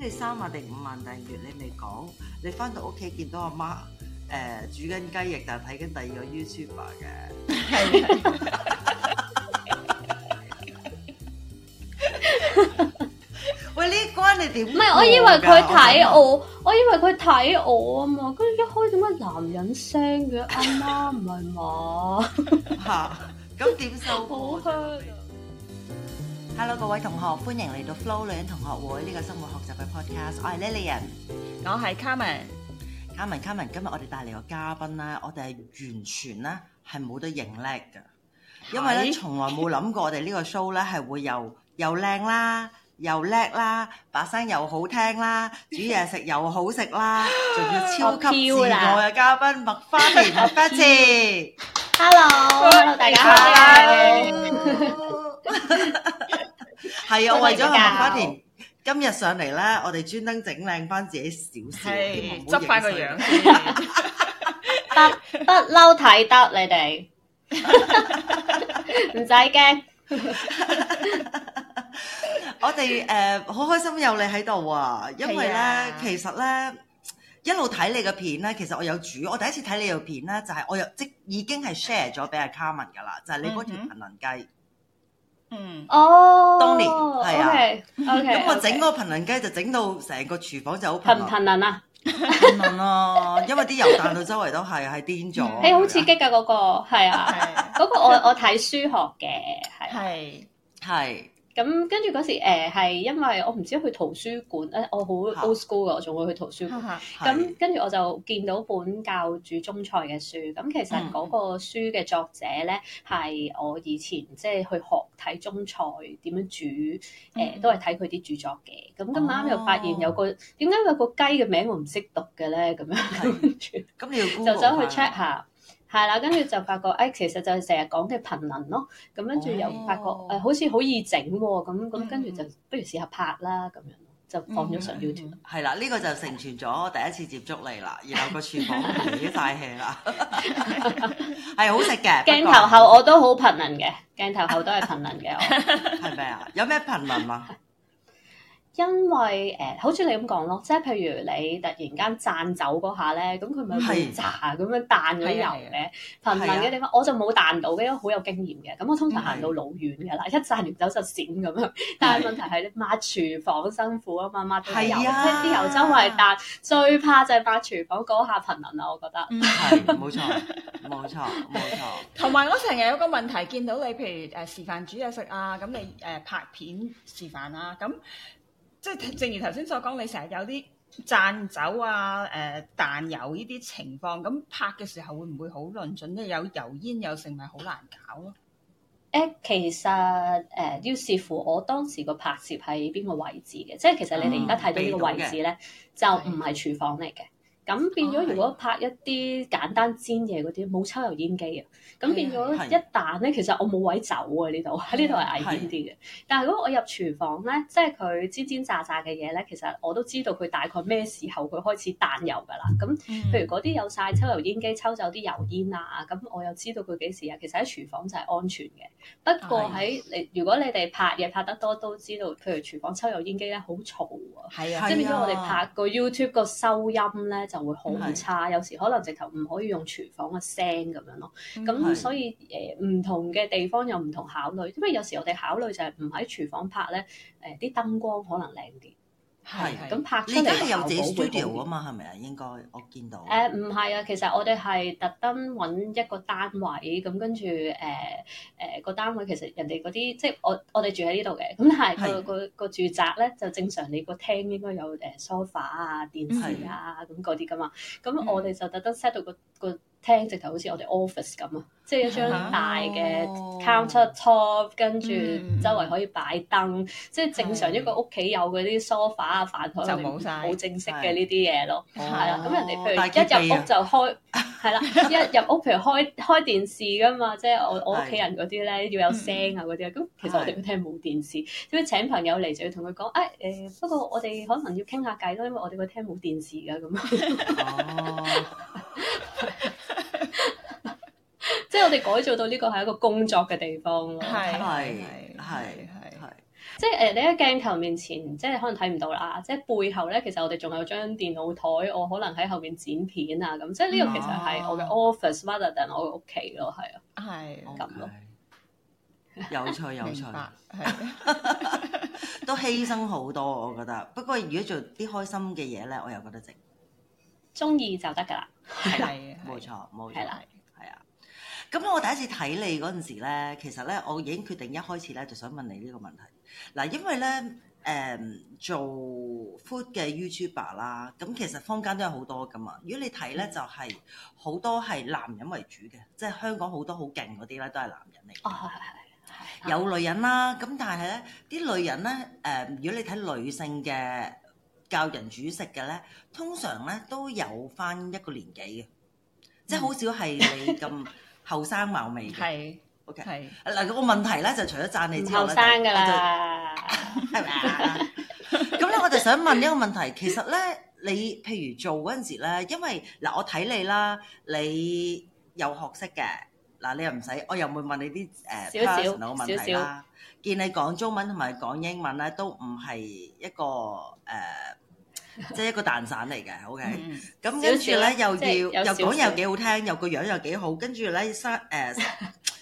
你三萬定五萬訂閱？你未講。你翻到屋企見到阿媽，誒、呃，煮緊雞翼，但係睇緊第二個 YouTuber 嘅。 喂，呢關你點？唔係，我以為佢睇我，我以為佢睇我啊嘛。跟住一開點乜男人聲嘅，啊？阿媽唔係嘛？吓， 咁點受？好香 Hello 各位同學，歡迎嚟到 Flow 女人同學會呢個生活學習嘅 podcast，我係 Lillian，我係 Carmen，Carmen Carmen，今日我哋帶嚟個嘉賓咧，我哋係完全咧係冇得型叻嘅，因為咧從來冇諗過我哋呢個 show 咧係會又又靚啦，又叻啦，把聲又好聽啦，煮嘢食又好食啦，仲要超級自我嘅嘉賓麥花田 McFatty，Hello，Hello 大家好。係 啊，為咗阿麥花田今日上嚟咧，我哋專登整靚翻自己少少，執翻是拍個樣 不，不得 不嬲睇得你哋，唔使驚。我哋誒好開心有你喺度啊！因為咧，啊、其實咧一路睇你嘅片咧，其實我有主，我第一次睇你條片咧，就係、是、我又即已經係 share 咗俾阿 Carmen 噶啦，就係、是、你嗰條笨笨雞。 嗯，年哦，當年係啊，咁我 okay, okay, 整嗰個噴淋雞就整到成個廚房就好噴淋啊，噴淋咯，因為啲油彈到周圍都係，係癲咗，係好刺激噶嗰、嗰個，係啊，嗰 個我我睇書學嘅，係係、啊。咁跟住嗰時，誒、呃、係因為我唔知去圖書館，誒、呃、我好 old school 嘅，我仲的會去圖書館。咁的、啊、跟住我就見到本教煮中菜嘅書。咁、嗯、其實嗰個書嘅作者咧，係我以前即係、就是、去學睇中菜點樣煮，誒、呃、都係睇佢啲著作嘅。咁、嗯嗯、咁啱又發現有個點解、oh. 有個雞嘅名我唔識讀嘅咧，咁樣跟住，咁你就走去 check 下。係啦，跟住就發覺，哎，其實就係成日講嘅頻倫咯，咁跟住又發覺，誒、哦呃，好似好易整喎、哦，咁咁跟住就不如試下拍啦，咁樣就放咗上 YouTube。係啦，呢、這個就成全咗我第一次接觸嚟啦，然後個廚房已經熱曬氣啦，係 好食嘅。鏡頭後我都好頻倫嘅，鏡頭後都係頻倫嘅，我係咪啊？有咩頻倫啊？因為誒、欸，好似你咁講咯，即係譬如你突然間贊酒嗰下咧，咁佢咪一炸咁的樣彈咗油嘅，的頻能嘅地方的我就冇彈到，因為好有經驗嘅。咁我通常行到老遠嘅啦，的一贊完走就閃咁樣。的但係問題係抹廚房辛苦啊嘛，抹啲油，的即係啲油周圍彈，最怕就係抹廚房嗰下頻能啊，我覺得。係冇的 錯，冇錯，冇錯。同埋 我成日有個問題，見到你譬如誒、呃、示範煮嘢食啊，咁你誒拍片示範啊，咁。即係正如頭先所講，你成日有啲燦酒啊、誒、呃、彈油呢啲情況，咁、嗯、拍嘅時候會唔會好論盡咧？有油煙又成，咪好難搞咯、啊？誒，其實誒、呃、要視乎我當時個拍攝喺邊個位置嘅，即係其實你哋而家睇到呢個位置咧，嗯、就唔係廚房嚟嘅。咁變咗，如果拍一啲簡單煎嘢嗰啲，冇抽油煙機啊，咁變咗一彈咧，其實我冇位走啊呢度，喺呢度係危險啲嘅。但係如果我入廚房咧，即係佢煎煎炸炸嘅嘢咧，其實我都知道佢大概咩時候佢開始彈油㗎啦。咁譬如嗰啲有晒抽油煙機抽走啲油煙啊，咁我又知道佢幾時啊。其實喺廚房就係安全嘅。不過喺你如果你哋拍嘢拍得多都知道，譬如廚房抽油煙機咧好嘈啊，係啊，即係變咗我哋拍個 YouTube 個收音咧就，會好唔差，的有時可能直頭唔可以用廚房嘅聲咁樣咯。咁的所以誒唔同嘅地方有唔同考慮，因為有時我哋考慮就係唔喺廚房拍咧，誒啲燈光可能靚啲。係，咁的拍出嚟又有護啲嘅嘛，係咪啊？應該我見到。誒唔係啊，其實我哋係特登揾一個單位，咁跟住誒誒個單位其實人哋嗰啲，即係我我哋住喺呢度嘅，咁但係、個的、個個住宅咧就正常，你個廳應該有誒 sofa 啊、電視啊咁嗰啲噶嘛，咁我哋就特登 set 到個的個廳直頭好似我哋 office 咁啊。即係一張大嘅 countertop，跟住周圍可以擺燈，即係正常一個屋企有嗰啲梳化啊、飯台就冇晒好正式嘅呢啲嘢咯。係啦，咁人哋譬如一入屋就開，係啦，一入屋譬如開開電視㗎嘛，即係我我屋企人嗰啲咧要有聲啊嗰啲，咁其實我哋個廳冇電視，所以請朋友嚟就要同佢講，誒誒，不過我哋可能要傾下偈咯，因為我哋個廳冇電視㗎咁。即係我哋改造到呢個係一個工作嘅地方咯，係係係係，即係誒，你喺鏡頭面前，即係可能睇唔到啦，即係背後咧，其實我哋仲有張電腦台，我可能喺後邊剪片啊，咁，即係呢個其實係我嘅 office，rather than 我嘅屋企咯，係啊，係咁咯，有趣有趣，都犧牲好多，我覺得。不過如果做啲開心嘅嘢咧，我又覺得值，中意就得噶啦，係啦，冇錯冇錯，係啦。咁我第一次睇你嗰陣時咧，其實咧，我已經決定一開始咧就想問你呢個問題嗱，因為咧誒、嗯、做 food 嘅 YouTuber 啦，咁其實坊間都有好多噶嘛。如果你睇咧，就係、是、好多係男人為主嘅，即係香港好多好勁嗰啲咧都係男人嚟嘅。哦，係係係有女人啦。咁、oh. 但係咧啲女人咧誒、嗯，如果你睇女性嘅教人煮食嘅咧，通常咧都有翻一個年紀嘅，即係好少係你咁。 後生貌美嘅，係 OK 係。嗱個問題咧，就除咗讚你之後生㗎喇，我就咁咧 吧， 我就想問一個問題。其實咧，你譬如做嗰陣時咧，因為嗱我睇你啦，你有學識嘅嗱，你又唔使，我又唔會問你啲誒 personal 嘅問題啦。少少見你講中文同埋講英文咧，都唔係一個誒。Uh, 即係一個蛋散嚟嘅，OK、嗯。咁、嗯、跟住咧許又要又講又幾好聽，又個樣又幾好，跟住咧生誒，uh,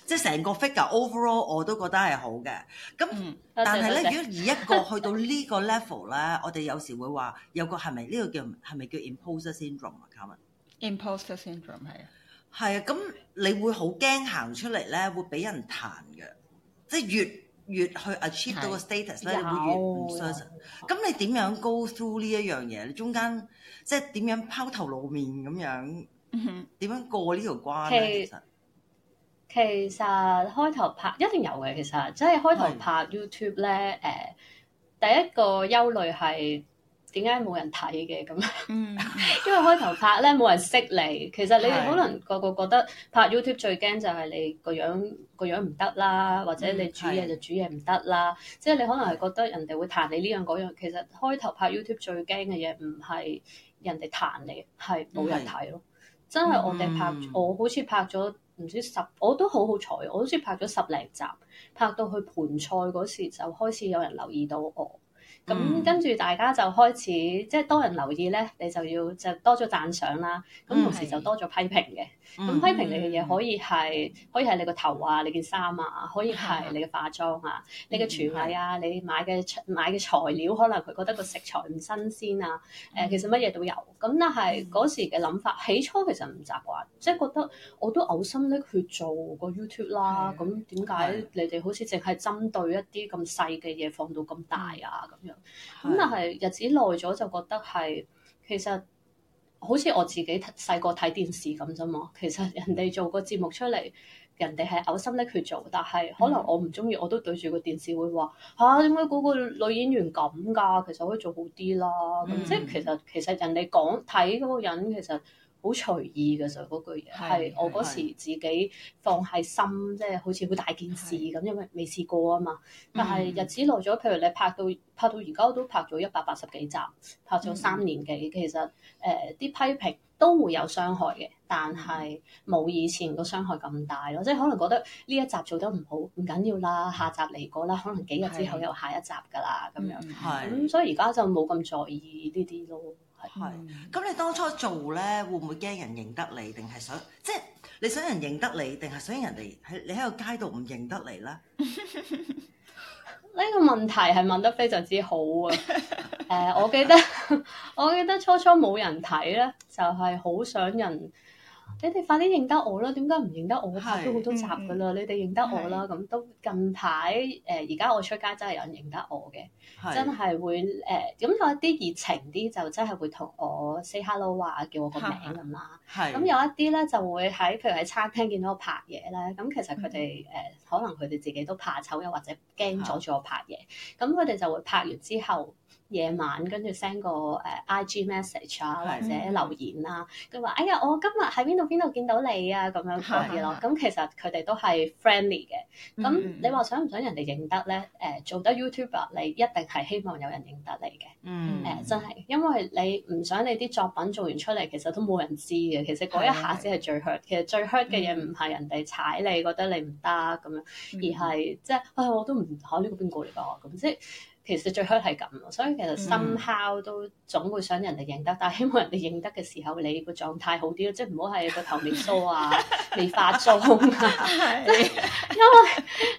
即係成個 figure overall 我都覺得係好嘅。咁但係咧，如果以一個去到呢個 level 咧，我哋有時會話有個係咪呢個叫係咪叫 imposter syndrome 啊，Carmen？imposter syndrome 係、嗯、啊，係啊的。咁 你會好驚行出嚟咧，會俾人彈嘅即係越。越去 achieve 到個 status 咧是，你會越唔相信。r 咁有你點樣 go through 呢一樣嘢？你中間即係點樣拋頭露面咁樣？點、嗯、哼樣過呢條關咧？其實其實開頭拍一定有嘅，其實即係開頭拍 YouTube 咧，誒的，第一個憂慮係。點解冇人睇嘅咁？ 因為開頭拍咧冇人識你，其實你可能個個覺得拍 YouTube 最驚就係你個樣個樣唔得啦，或者你煮嘢就煮嘢唔得啦，嗯、即係你可能係覺得人哋會彈你呢樣嗰樣。其實開頭拍 YouTube 最驚嘅嘢唔係人哋彈你，係冇人睇咯。嗯、真係我哋拍，我好似拍咗唔知十，10，我都好好彩，我好似拍咗十零集，拍到去盆菜嗰時就開始有人留意到我。咁、嗯、跟住大家就開始即係多人留意咧，你就要就多咗讚賞啦。咁同時就多咗批評嘅。咁、嗯、批評你嘅嘢可以係可以係你個頭啊，你件衫啊，可以係你嘅化妝啊，嗯、你嘅廚藝啊，你買嘅買嘅材料可能佢覺得個食材唔新鮮啊。誒、呃，其實乜嘢都有。咁但係嗰時嘅諗法，嗯、起初其實唔習慣，即係覺得我都嘔、呃、心瀝血去做個 YouTube 啦。咁點解你哋好似淨係針對一啲咁細嘅嘢放到咁大啊咁樣？咁但係日子耐咗就覺得係，其實好似我自己細個睇電視咁啫嘛。其實人哋做個節目出嚟，人哋係嘔心瀝血做，但係可能我唔中意，嗯、我都對住個電視會話吓，點解嗰個女演員咁噶、啊？其實可以做好啲啦。咁、嗯、即係其實其實人哋講睇嗰個人，其實。好隨意嘅就嗰句嘢，係我嗰時自己放喺心，是即係好似好大件事咁，因為未試過啊嘛。但係日子耐咗，譬如你拍到拍到而家都拍咗一百八十幾集，拍咗三年幾，是其實誒啲、呃、批評都會有傷害嘅，但係冇以前個傷害咁大咯。即係可能覺得呢一集做得唔好，唔緊要啦，下集嚟過啦，可能幾日之後有下一集㗎啦，咁樣是。係、嗯。咁、嗯、所以而家就冇咁在意呢啲咯。係，咁你當初做咧，會唔會驚人認得你？定係想，即係你想人認得你，定係想人哋喺你喺個街度唔認得你咧？呢 個問題係問得非常之好啊！誒， uh, 我記得我記得初初冇人睇咧，就係、是、好想人。你哋快啲認得我啦！點解唔認得我拍咗好多集噶啦？嗯、你哋認得我啦，咁是都近排誒，而、呃、家我出街真係有人認得我嘅，是真係會誒咁、呃、有一啲熱情啲，就真係會同我 say hello 話、啊、叫我個名咁啦。係，咁是有一啲咧就會喺譬如喺餐廳見到我拍嘢咧，咁其實佢哋誒可能佢哋自己都怕醜又或者驚阻住我拍嘢，咁佢哋就會拍完之後夜晚跟住 send 個誒、呃、IG message 啊或者留言啦，佢話、嗯、哎呀我今日喺邊度邊度見到你啊咁樣嗰啲咯，咁、嗯、其實佢哋都係 friendly 嘅。咁、嗯、你話想唔想人哋認得咧？誒、呃、做得 YouTuber 你一定係希望有人認得你嘅，嗯誒真係，因為你唔想你啲作品做完出嚟其實都冇人知嘅。其實嗰一下先係最 hurt，其實最 hurt 嘅嘢唔係人哋踩你，嗯、覺得你唔得咁樣，而係即係啊，我都唔考呢個邊個嚟㗎咁啫。啊。其實最開係咁，所以其實 somehow 都總會想人哋認得，但係希望人哋認得嘅時候，你個狀態好啲咯，即係唔好係個頭未梳啊，未化妝啊。因為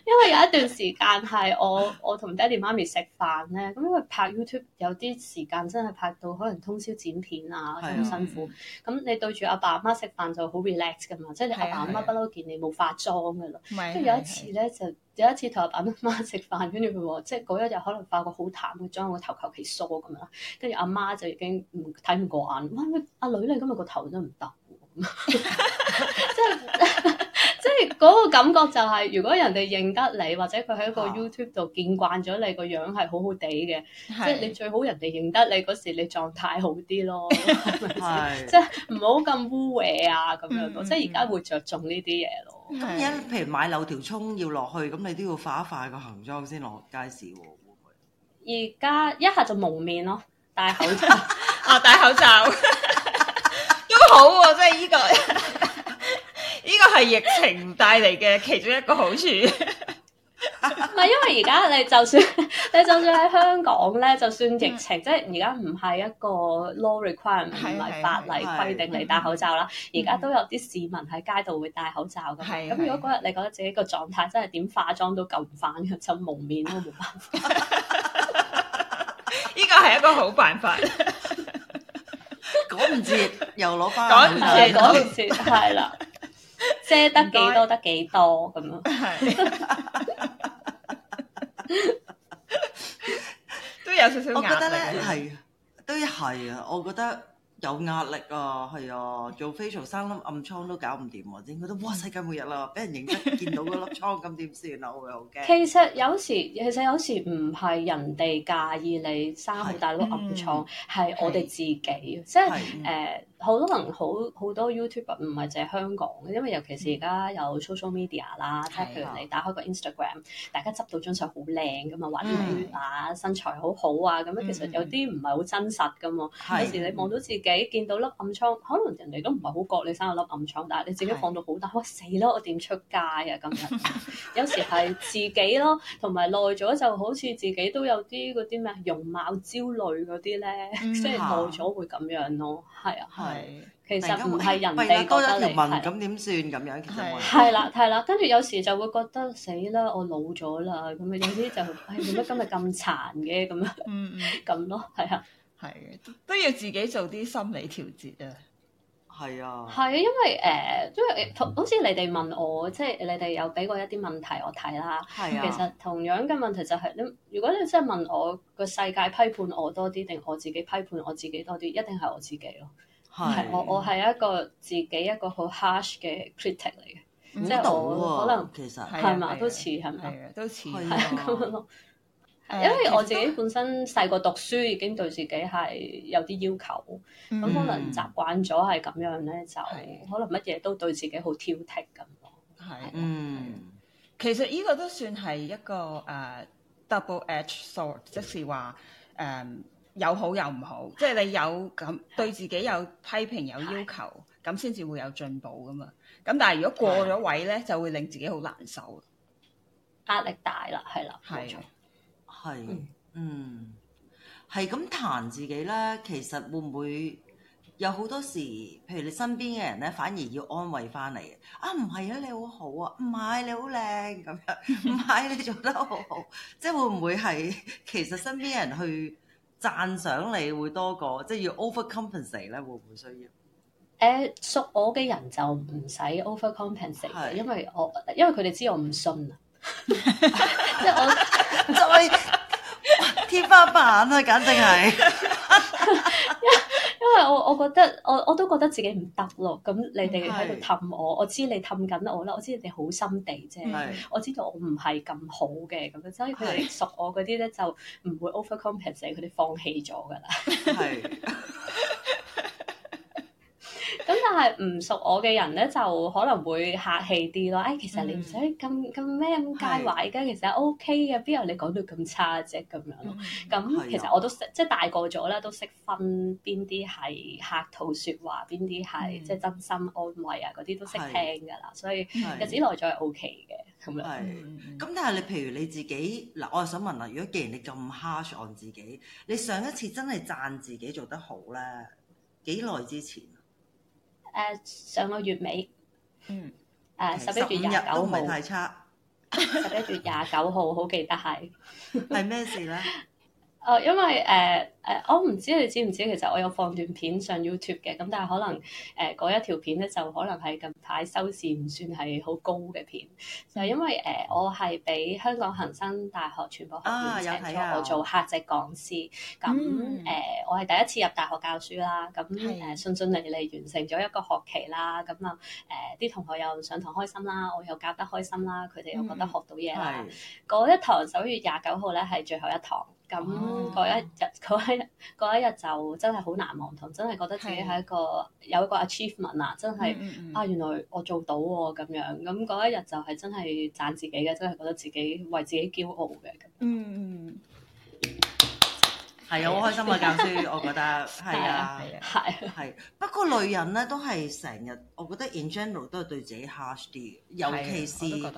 因為有一段時間係我我同爹哋媽咪食飯咧，咁因為拍 YouTube 有啲時間真係拍到可能通宵剪片啊，真係好辛苦。咁你對住阿爸阿媽食飯就好 relax 噶嘛，即係你阿爸阿媽不嬲見你冇化妝噶啦。即係有一次咧就。有一次同阿爸阿媽食飯，跟住佢話，即係嗰一日可能化個好淡嘅妝，將個頭求其梳咁樣啦。跟住阿媽就已經唔睇唔過眼，哇！阿女你今日個頭都唔得 即係即係嗰個感覺就係，如果人哋認得你，或者佢喺個 YouTube 度見慣咗你、這個樣係好好地嘅，即係是你最好人哋認得你嗰時你狀態好啲咯，係是 即係唔好咁污穢啊咁樣咯，即係而家會着重呢啲嘢咯。咁而家譬如買漏條葱要落去，咁你都要化一塊個行裝先落街市喎。而家一下就蒙面咯，戴口罩。啊，戴口罩 都好喎、啊，即係呢個呢個係疫情帶嚟嘅其中一個好處。 唔係，因為而家你就算你就算喺香港咧，就算疫情，即係而家唔係一個 law requirement，唔係法例規定你戴口罩啦。而家都有啲市民喺街度會戴口罩噶。咁如果嗰日你覺得自己個狀態真係點化妝都救唔翻嘅，就蒙面都冇辦法。依個係一個好辦法。講唔住，又攞翻，講唔住，講唔住係啦，遮得幾多得幾多咁樣。 都有少少壓力，我覺得呢，係都係啊！我覺得有壓力啊，係啊，做 facial 生粒暗瘡都搞唔掂，我都哇世界末日啦！俾人認識見到粒瘡，咁點算啊？我會好驚。 啊、其實有時，其實有時唔係人哋介意你生好大粒暗瘡，係是我哋自己，即係誒。是好多可能好好多 YouTube 唔係淨係香港，因為尤其是而家有 social media 啦。嗯、譬如你打開個 Instagram，大家執到張相好靚噶嘛，或者啊身材好好啊咁樣，其實有啲唔係好真實噶嘛。嗯、有時你望到自己見到粒暗瘡，可能人哋都唔係好覺你生咗粒暗瘡，但係你自己放到好大，嗯、哇死咯！我點出街啊？咁樣、嗯、有時係自己咯，同埋耐咗就好似自己都有啲嗰啲咩容貌焦慮嗰啲咧，即係耐咗會咁樣咯。係啊，係，其實唔係人哋嗰個問題，咁點算咁樣？其實係。係啦，係啦，跟住有時就會覺得死啦，我老咗啦，咁啊，有啲就係點解今日咁殘嘅咁樣，嗯嗯，咁咯，係啊，係啊，都要自己做啲心理調節啊。係啊，係啊，因為誒，即係同好似你哋問我，即係你哋有俾過一啲問題我睇啦。係啊，其實同樣嘅問題就係，你如果你真係問我個世界批判我多啲，定我自己批判我自己多啲，一定係我自己咯。係是，我我係一個自己一個好 harsh 嘅 critic 嚟嘅，即係我可能、嗯、其實係嘛都似係咪都似係咁樣咯。 因為我自己本身細個讀書已經對自己係有啲要求，咁可能習慣咗係咁樣咧，就可能乜嘢都對自己好挑剔咁。係，嗯，其實呢個都算係一個誒、uh, double edge sword，即是話誒、um, 有好有唔好，即係你有咁對自己有批評有要求，咁先至會有進步噶嘛。咁但係如果過咗位咧，對，就會令自己好難受，壓力大啦，係啦，係啊。係，嗯，係咁彈自己咧，其實會唔會有好多時，譬如你身邊嘅人咧，反而要安慰翻嚟啊，唔係啊，你好好啊，唔係你好靚咁樣，唔係你做得好好， 即係會唔會係？其實身邊人去讚賞你會多過，即係要 overcompensate 咧，會唔會需要？誒，熟我嘅人就唔使 overcompensate，的因為我因為佢哋知我唔信 即我再、 就係、天花板啦、啊，簡直係。因 因為我我覺得我我都覺得自己唔得咯，咁你哋喺度氹我，我知你氹緊我啦，我知你哋好心地啫，我知道是我唔係咁好嘅，咁所以佢哋熟我嗰啲咧就唔會 overcompensate，佢哋放棄咗噶啦。是 咁 但係唔熟我嘅人咧，就可能會客氣啲咯。誒、哎，其實你唔使咁咁咩咁介懷嘅，其實 O K 嘅，邊有你講到咁差啫咁、嗯、樣。咁、嗯嗯、其實我都識即係大個咗咧，都識分邊啲係客套説話，邊啲係即係真心安慰啊嗰啲都識聽噶啦。嗯、所以日子耐咗係 O K 嘅咁樣。咁但係你譬如你自己嗱，我又想問啊，如果既然你咁 harsh on 自己，你上一次真係贊自己做得好咧，幾耐之前？誒、uh, 上個月尾，嗯，誒十一月廿九號，唔係太差。十一月廿九號好記得係，係 咩事咧？誒、哦，因為誒誒，我、呃、唔、哦、知你知唔知，其實我有放段片上 YouTube 嘅，咁但係可能誒嗰、呃、一條片咧，就可能係近排收視唔算係好高嘅片，啊、就因為誒、呃、我係俾香港恒生大學全部學院請咗我做客席講師，咁誒、嗯呃、我係第一次入大學教書啦，咁誒順順利利完成咗一個學期啦，咁啊誒啲同學又上堂開心啦，我又教得開心啦，佢哋又覺得學到嘢啦，嗰、嗯、一堂十一月廿九號咧係最後一堂。咁嗰、啊、一日，嗰一嗰一日就真係好難忘，同真係覺得自己係一個的有一個 achievement 啊！真係、嗯嗯、啊，原來我做到喎、啊、咁樣。咁嗰一日就係真係讚自己嘅，真係覺得自己為自己驕傲嘅咁。嗯嗯，係 啊，好開心啊！教書，我覺得係啊，係係。不過女人咧都係成日，我覺得 in general 都係對自己 harsh 啲，尤其是得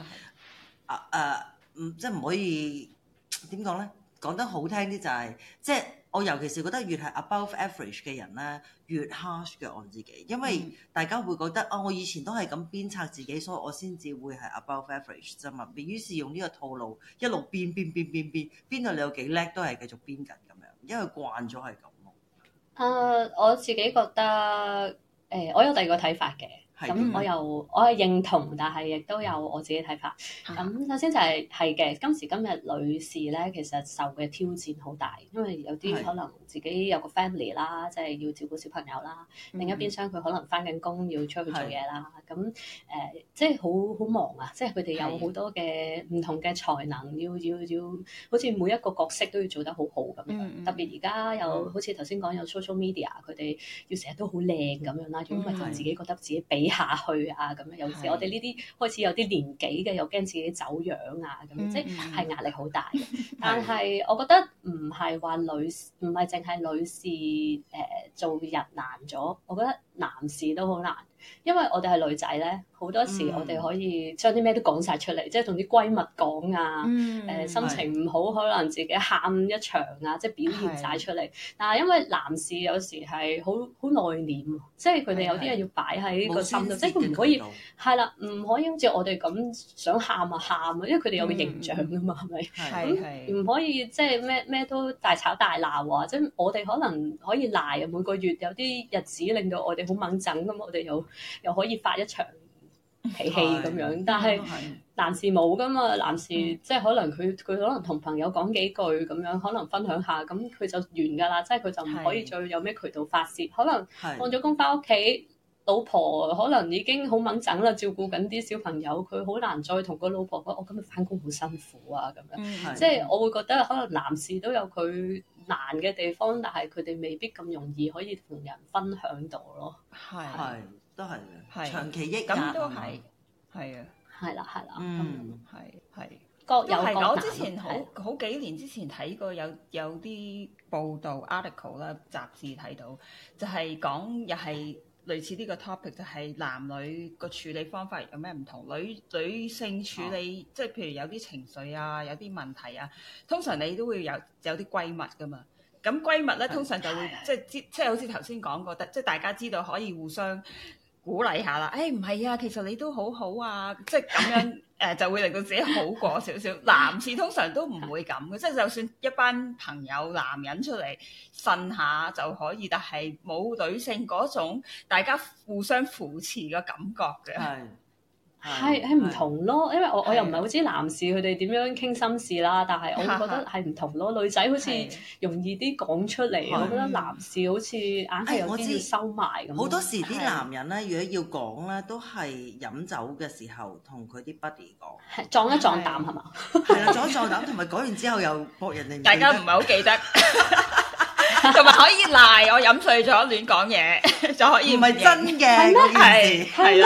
啊啊，唔即係唔可以點講咧？講得好聽啲就係、是，即係我尤其是覺得越係 above average 嘅人咧，越 harsh 嘅我自己，因為大家會覺得啊、哦，我以前都係咁鞭策自己，所以我先至會係 above average 啫嘛。於是用呢個套路一路鞭鞭鞭鞭鞭，鞭到你有幾叻都係繼續鞭緊咁樣，因為慣咗係咁咯。誒，uh, 我自己覺得誒、欸，我有第二個睇法嘅。咁、嗯、我又我係認同，但係亦都有我自己睇法。咁首先就係係嘅，今時今日女士咧，其實受嘅挑戰好大，因為有啲可能自己有個 family 啦，即係要照顧小朋友啦。嗯、另一邊廂佢可能翻緊工要出去做嘢啦。咁誒、嗯呃、即係好好忙啊！即係佢哋有好多嘅唔同嘅才能，要要要，要，好似每一個角色都要做得好好咁樣，嗯嗯、特別而家有好似頭先講有 social media，佢哋要成日都好靚咁樣啦，如果唔係就自己覺得自己比下去啊，咁樣有時我哋呢啲開始有啲年紀嘅，的又驚自己走樣啊，咁、嗯嗯、即係壓力好大。 的但係我覺得唔係話女唔係淨係女士誒、呃、做人難咗，我覺得男士都好難，因為我哋係女仔咧。好多時，我哋可以將啲咩都講晒出嚟，即係同啲閨蜜講啊。誒、嗯呃，心情唔好，可能自己喊一場啊，即係表現晒出嚟。是但係因為男士有時係好好內斂，即係佢哋有啲嘢要擺喺個心度，是是即係唔可以係啦，唔可以好似我哋咁想喊啊喊啊，因為佢哋有個形象㗎嘛，係咪、嗯？係唔可以即係咩咩都大吵大鬧啊？即係我哋可能可以賴啊。每個月有啲日子令到我哋好掹整掹陣咁，我哋又又可以發一場脾氣咁樣，但係男士冇噶嘛，嗯、男士即係可能佢佢可能同朋友講幾句咁樣，可能分享下，咁佢就完噶啦，即係佢就唔可以再有咩渠道發洩。是可能放咗工返屋企，是老婆可能已經好掹整啦，照顧緊啲小朋友，佢好難再同個老婆講，我、oh, 今日返工好辛苦啊咁樣。嗯、即係我會覺得，可能男士都有佢難嘅地方，但係佢哋未必咁容易可以同人分享到咯。係是。是都係長期益咁都係係啊，係啦係啦，嗯，係，係各有各嘅。一係講之前好，好幾年之前睇過有有啲報道 article 啦，雜誌睇到，就係、係、講又係類似呢個 topic，就係男女個處理方法有咩唔同。女女性處理即係、啊、譬如有啲情緒啊，有啲問題啊，通常你都會有有啲閨蜜㗎嘛。咁閨蜜咧通常就會即係即係好似頭先講過，即係大家知道可以互相。鼓勵下啦，誒唔係啊，其實你都好好啊，即係咁樣誒、 呃、就會令到自己好過少少。男士通常都唔會咁嘅， 即係就算一班朋友男人出嚟瞓下就可以，但係冇女性嗰種大家互相扶持嘅感覺嘅。 係係唔同咯，因為我我又唔係好知男士佢哋點樣傾心事啦，但係我覺得係唔同咯，女仔好似容易啲講出嚟，我覺得男士好似硬係有啲收埋咁。好多時啲男人咧，如果要講咧，都係飲酒嘅時候同佢啲 buddy 講，撞一撞膽係嘛？係啊，撞一撞膽，同埋講完之後又駁人哋，大家唔係好記得，同埋可以賴我飲醉咗亂講嘢就可以唔係真嘅係咩？係咩？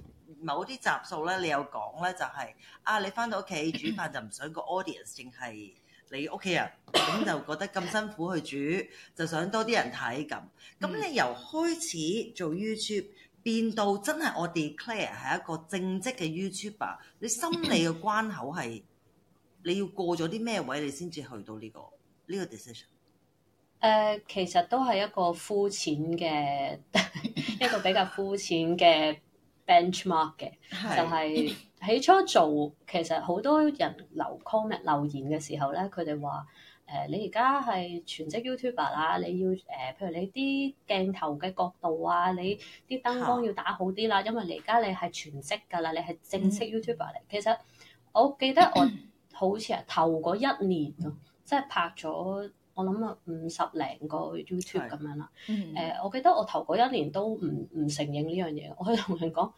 某啲集數呢，你有講呢，就係、是、啊！你返到屋企煮飯 就唔想個 audience，淨係你屋企人，咁 就覺得咁辛苦去煮，就想多啲人睇咁。咁你由開始做 YouTube 變到真係我 declare 係一個正職嘅 YouTuber，你心理嘅關口係你要過咗啲咩位，你先至去到呢、這個呢、這個 decision？誒，uh, 其實都係一個膚淺嘅， 一個比較膚淺嘅。benchmark 嘅，ben 是就係起初做，其實好多人留 comment 留言嘅時候咧，佢哋話：誒、呃，你而家係全職 YouTuber 啦，你要誒、呃，譬如你啲鏡頭嘅角度啊，你啲燈光要打好啲啦，是因為你而家你係全職㗎啦，你係正式 YouTuber 嚟。嗯、其實我記得我 好似係頭嗰一年咯，嗯、即係拍咗。我諗啊，五十零個 YouTube 咁樣啦。誒、嗯呃，我記得我頭嗰一年都唔唔承認呢樣嘢，我係同人講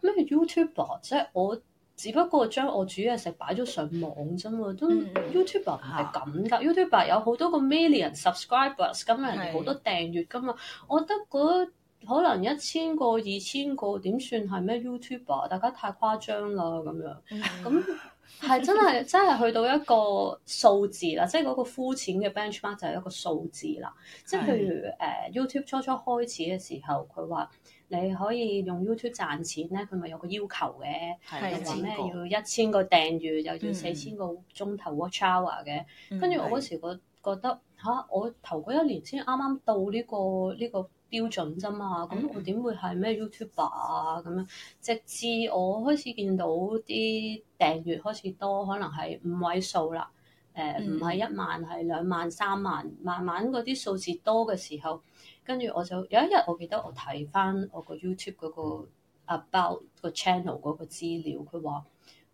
咩 YouTuber，即係我只不過將我煮嘢食擺咗上網啫嘛，都、嗯、YouTuber 唔係咁㗎。啊、YouTuber 有好多個 million subscribers，咁人哋好多訂閱㗎嘛。是我覺得嗰可能一千個、二千個點算係咩 YouTuber？大家太誇張啦咁樣。嗯哼嗯係 真係真係去到一個數字啦，即係嗰個膚淺嘅 benchmark 就係一個數字啦。即係譬如誒的、uh, YouTube 初初開始嘅時候，佢話你可以用 YouTube 賺錢咧，佢咪有個要求嘅，話咩的的要一千個訂閱，又要四千個鐘頭 Watch Hour 嘅。跟住、嗯、我嗰時覺得嚇的、啊，我頭嗰一年先啱啱到呢個呢個。這個標準啫嘛，咁我點會係咩 YouTuber 啊咁樣？直至我開始見到啲訂閱開始多，可能係五位數啦。誒、呃，唔係一萬係兩萬三萬，慢慢嗰啲數字多嘅時候，跟住我就有一日我記得我睇翻我個 YouTube 嗰個 About 個 Channel 嗰個資料，佢話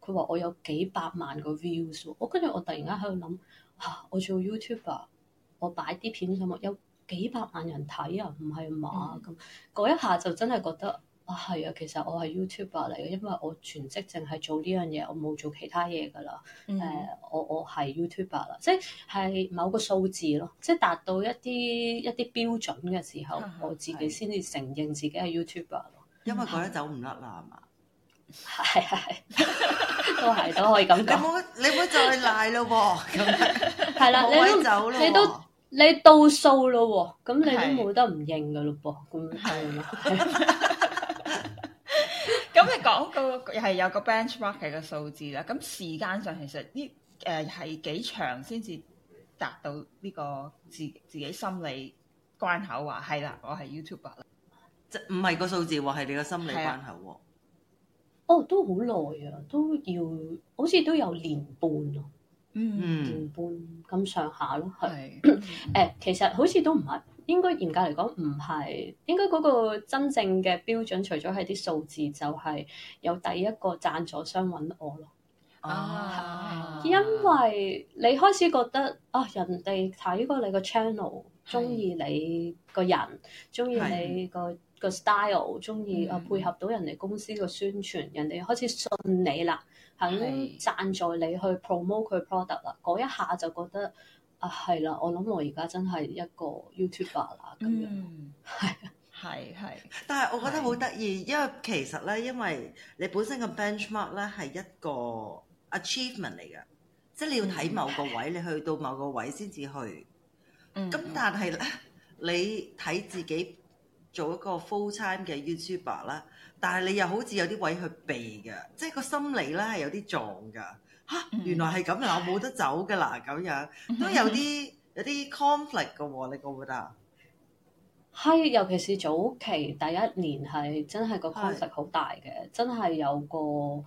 佢話我有幾百萬個 views，我跟住我突然間喺度諗啊，我做 YouTuber，我擺啲片上我有。幾百萬人睇啊，唔係嘛？咁嗰一下就真係覺得啊係啊，其實我係 YouTuber 嚟嘅，因為我全職淨係做呢樣嘢，我冇做其他嘢噶啦。誒、嗯 uh,，我我係 YouTuber 啦，即係某個數字咯，即係達到一啲一啲標準嘅時候，我自己先至承認自己係 YouTuber 咯。因為覺得走唔甩啦，係嘛？ 係係，都係都可以咁講。你唔好再賴咯喎？係啦，你都你都。你到數、哦、你咯喎，咁你都冇得唔應嘅咯噃，咁，咁 你講個又係有個 benchmark 嘅、er、個數字啦。咁時間上其實呢誒係幾長先至達到呢個自己自己心理關口話、啊？係 啦、啊，我係 YouTuber 啦，即唔係個數字喎，係你個心理關口喎、啊。哦，都好耐啊，都要好似都有年半咯。嗯，半咁上下咯，係。誒、嗯， 其實好似都唔係，應該嚴格嚟講唔係，應該嗰個真正嘅標準除咗係啲數字，就係、是、有第一個讚助商揾我咯。啊，因為你開始覺得啊，人哋睇過你個 channel，中意你個人，中意你個個 style，中意啊配合到人哋公司個宣傳，的人哋開始信你啦。肯是贊助你去 promote 佢 product 啦，嗰一下就覺得啊，係啦，我諗我而家真係一個 YouTuber 啦，咁樣係係係。但係我覺得好得意，因為其實咧，因為你本身個 benchmark 咧係一個 achievement 嚟嘅，即、就、係、是、你要睇某個位，嗯、你去到某個位先至去。咁但係咧，嗯嗯、 你睇自己做一個 full time 嘅 YouTuber 咧。但係你又好似有啲位去避嘅，即係個心理咧係有啲撞噶嚇、啊。原來係咁啦，mm hmm. 我冇得走噶啦，咁樣都有啲有啲 conflict 嘅喎。你覺唔覺得啊？係，尤其是早期第一年係真係個 conflict 好大嘅，是真係有個誒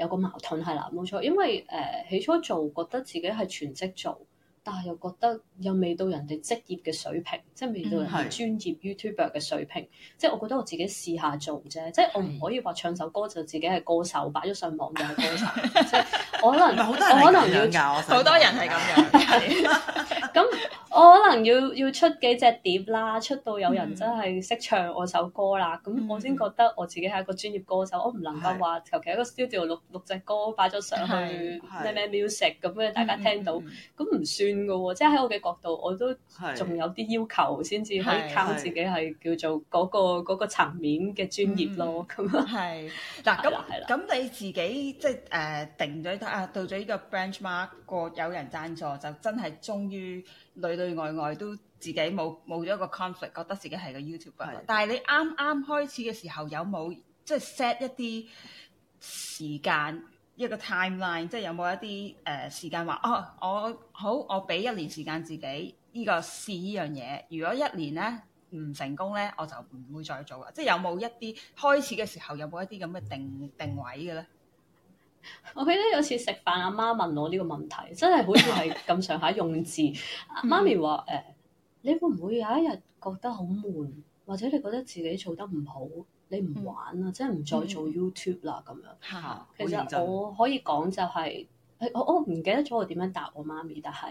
有個矛盾係啦，冇錯。因為誒、呃、起初做覺得自己係全職做。但又覺得又未到人哋職業嘅水平，即係未到人哋專業 YouTuber 嘅水平。即係我覺得我自己試下做啫，即係我唔可以話唱首歌就自己係歌手，擺咗上網就係歌手。即我可能我可能要好多人係咁樣，咁我可能要要出幾隻碟啦，出到有人真係識唱我首歌啦，咁我先覺得我自己係一個專業歌手。我唔能夠話求其一個 studio 錄錄隻歌擺咗上去咩咩 music 咁樣大家聽到，咁唔算。嘅喎，即喺我嘅角度，我都仲有啲要求先至可以靠自己係叫做嗰個嗰個層面嘅專業咯，咁啊，係嗱，咁咁你自己即係誒定咗啊到咗呢個 benchmark，過有人贊助，就真係終於裡裡外外都自己冇冇咗個 conflict，覺得自己係個 YouTuber。但係你啱啱開始嘅時候有冇即係 set 一啲時間？一個 timeline 即係有冇一啲誒、呃、時間話哦，我好我俾一年時間自己呢、這個試呢樣嘢。如果一年咧唔成功咧，我就唔會再做啦。即係有冇一啲開始嘅時候有冇一啲咁嘅定定位嘅咧？我記得有次食飯，阿媽問我呢個問題，真係好似係咁上下用字。媽咪話誒，你會唔會有一日覺得好悶，或者你覺得自己做得唔好？你唔玩啦，嗯、即係唔再做 YouTube 啦，咁樣。啊、其實我可以講就係、是，我我唔記得咗我點樣答我媽咪。但係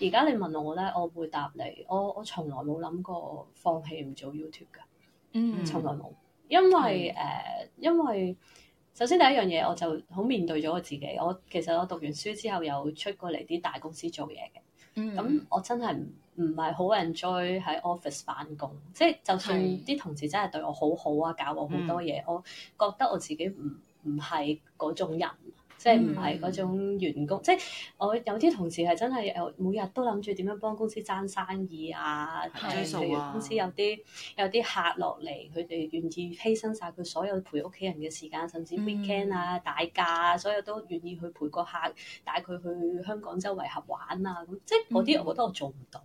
而家你問我咧，我會答你。我我從來冇諗過放棄唔做 YouTube 噶，嗯，從來冇。因為誒、嗯呃，因為首先第一樣嘢，我就好面對咗我自己。我其實我讀完書之後，有出過嚟啲大公司做嘢嘅。咁、嗯、我真係唔唔係好 enjoy 喺 office 返工，即、就、係、是、就算啲同事真係對我好好啊，搞我好多嘢，嗯、我覺得我自己唔唔係嗰種人。即係唔係嗰種員工，嗯、即係我有啲同事係真係誒，每日都諗住點樣幫公司爭生意啊，的譬如公司有啲有啲客落嚟，佢哋願意犧牲晒佢所有陪屋企人嘅時間，甚至 weekend 啊、大、嗯、假所有都願意去陪個客，帶佢去香港周圍合玩啊，咁即係嗰啲，嗯、我覺得我做唔到。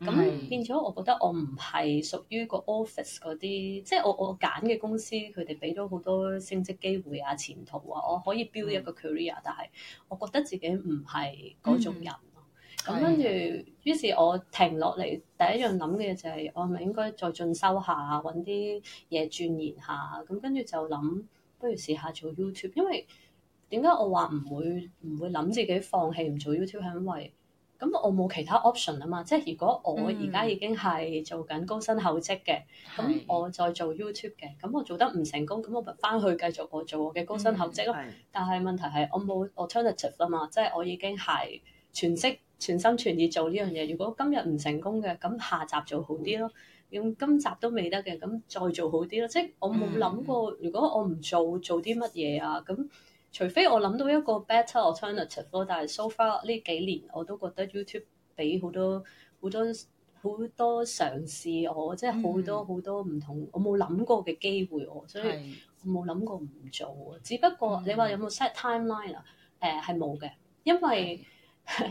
咁、嗯、變咗，我覺得我唔係屬於個 office 嗰啲，即、就、係、是、我我揀嘅公司，佢哋俾咗好多升職機會啊、前途啊，我可以 build 一個 career，、嗯、但係我覺得自己唔係嗰種人咯。咁跟住，是的於是，、就是，我停落嚟第一樣諗嘅就係，我係咪應該再進修下，揾啲嘢鑽研下？咁跟住就諗，不如試下做 YouTube，因為點解我話唔會唔會諗自己放棄唔做 YouTube 係因為？咁我冇其他 option 啊嘛，即係如果我而家已經係做緊高薪厚職嘅，咁、嗯、我再做 YouTube 嘅，咁我做得唔成功，咁我翻去繼續我做我嘅高薪厚職咯。嗯、但係問題係我冇 alternative 啊嘛，即係我已經係全職、全心全意做呢樣嘢。如果今日唔成功嘅，咁下集做好啲咯。咁今集都未得嘅，咁再做好啲咯。即係我冇諗過，嗯、如果我唔做，做啲乜嘢啊？咁。除非我諗到一個 better alternative 咯，但係 so far 呢幾年我都覺得 YouTube 俾好多好多好多嘗試我，即係好多好、嗯、多唔同我冇諗過嘅機會我，所以我冇諗過唔做，只不過、嗯、你話有冇 set timeline 啊？呃、誒係冇嘅，因為。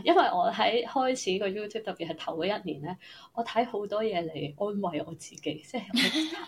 因為我喺開始個 YouTube 特別係頭嗰一年咧，我睇好多嘢嚟安慰我自己，即係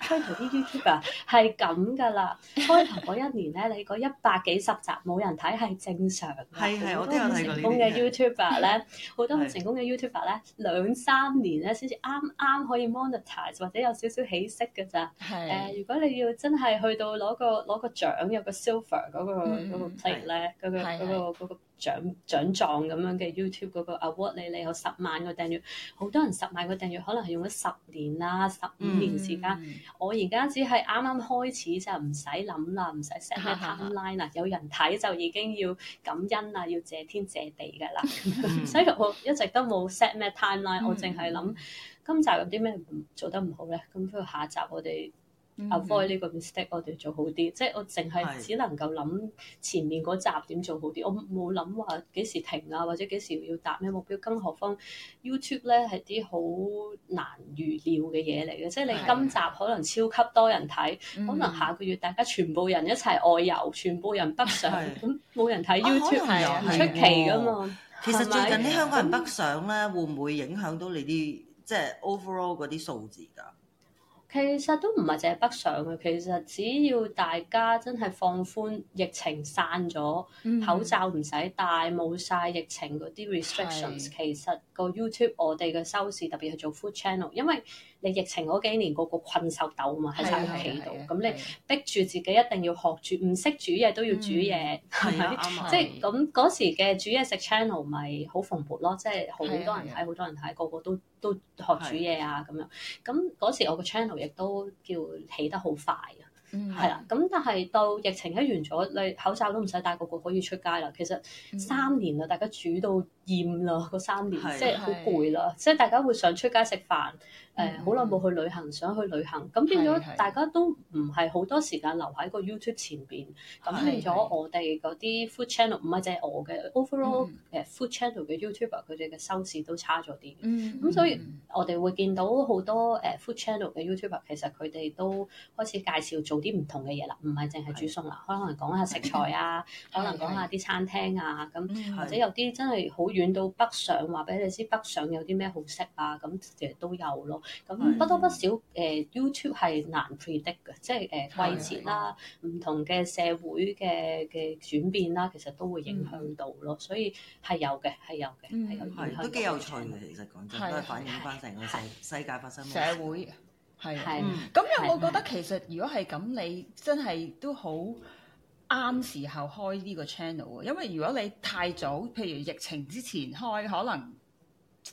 開頭啲 YouTuber 啊係咁噶啦。開頭嗰一年咧，你個一百幾十集冇人睇係正常嘅。係係，好多唔成功嘅 YouTuber 咧，好多唔成功嘅 YouTuber 咧，兩三年咧先至啱啱可以 monetize 或者有少少起色嘅咋。係誒，如果你要真係去到攞個攞個獎，有個 silver 嗰個 plate 咧，嗰個嗰嗰個。獎獎狀咁樣嘅 YouTube 嗰個 award 你你有十萬個訂閱，好多人十萬個訂閱可能係用咗十年啦，十五年時間。嗯、我而家只係啱啱開始就唔使諗啦，唔使 set 咩 timeline 啦，哈哈有人睇就已經要感恩啦，要謝天謝地㗎啦。嗯、 所以我一直都冇 set 咩 timeline，我淨係諗今集有啲咩做得唔好咧，咁不如下集我哋。avoid 呢、嗯嗯、個 mistake 我哋做好啲，即係我淨係只能夠諗前面嗰集點做好啲，是的 我冇諗話幾時停啊，或者幾時要達咩目標，更何況 YouTube 咧係啲好難預料嘅嘢嚟嘅，即係你今集可能超級多人睇，的嗯、可能下個月大家全部人一齊外遊，全部人北上，咁冇是的、嗯、人睇 YouTube，唔出奇噶嘛。其實最近啲香港人北上咧，嗯、會唔會影響到你啲即係 overall 嗰啲數字㗎？ 其實都唔係淨係北上嘅，其實只要大家真係放寬疫情散咗，mm hmm. 口罩唔使戴，冇晒疫情嗰啲 restrictions，mm hmm. 其實。個 YouTube 我哋嘅收視特別係做 food channel，因為你疫情嗰幾年個個困獸鬥啊嘛，喺曬屋企度，咁你逼住自己一定要學煮，唔識煮嘢都要煮嘢，係咪？即係咁嗰時嘅煮嘢食 channel 咪好蓬勃咯，即係好多人睇，好多人睇，個個都都學煮嘢啊咁樣，咁嗰時我個 channel 亦都叫起得好快啊！係啦，咁但係到疫情一完咗，你口罩都唔使戴，個個可以出街啦。其實三年啦，嗯、大家煮到厭啦，嗰三年的即係好攰啦，的即係大家會想出街食飯。誒好耐冇去旅行，想去旅行，咁變咗大家都唔係好多時間留喺個 YouTube 前邊，咁變咗我哋嗰啲 food channel，唔係淨係我嘅 overall 誒 food channel 嘅 YouTuber，佢哋嘅、嗯、收視都差咗啲。咁、嗯嗯、所以我哋會見到好多誒 food channel 嘅 YouTuber，其實佢哋都開始介紹做啲唔同嘅嘢啦，唔係淨係煮餸啦，是是可能講下食材啊，是是可能講下啲餐廳啊，咁或者有啲真係好遠，遠到北上，話俾你知北上有啲咩好食啊，咁其實都有咯。咁不多不少，誒 YouTube 係難 predict 嘅，即係誒季節啦，唔同嘅社會嘅嘅轉變啦，其實都會影響到咯，所以係有嘅，係有嘅，係有影響。係都幾有趣嘅，其實講真都係反映翻成個世界發生嘅事。社會係，咁有冇覺得其實如果係咁，你真係都好啱時候開呢個 channel 啊？因為如果你太早，譬如疫情之前開，可能。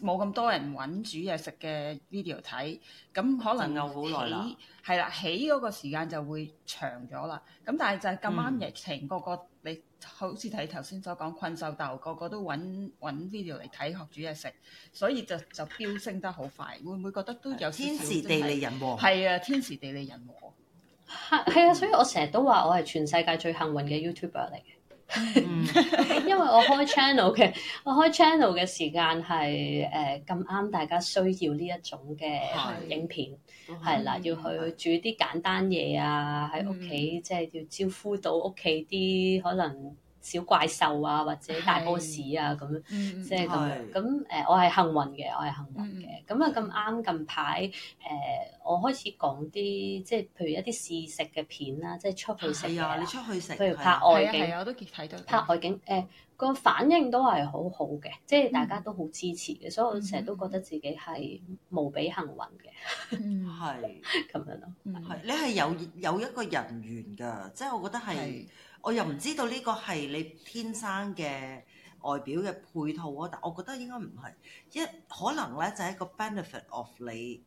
冇咁多人揾煮嘢食嘅 video 睇，咁可能又起係啦，起嗰個時間就會長咗啦。咁但係就係咁啱疫情，嗯、個個你好似睇頭先所講困獸鬥個個都揾揾 video 嚟睇學煮嘢食，所以就就飆升得好快。會唔會覺得都有天時地利人和？係啊，天時地利人和。係啊，所以我成日都話我係全世界最幸運嘅 YouTuber 嚟嘅。 因為我開 channel 嘅，我開 channel 嘅時間係誒咁啱大家需要呢一種嘅影片，係啦，要去，去煮啲簡單嘢啊，喺屋企即係要招呼到屋企啲可能。小怪獸啊，或者大 boss 啊，咁樣即係咁樣。咁誒，我係幸運嘅，我係幸運嘅。咁啊咁啱，近排誒我開始講啲即係譬如一啲試食嘅片啦，即係出去食。係啊，你出去食，譬如拍外景，係啊，我都睇到拍外景。誒個反應都係好好嘅，即係大家都好支持嘅，所以我成日都覺得自己係無比幸運嘅。係咁樣咯。係你係有有一個人緣㗎，即係我覺得係。我又唔知道呢個係你天生嘅外表嘅配套啊，但我覺得應該唔係，一可能咧就係一個 benefit of 你誒、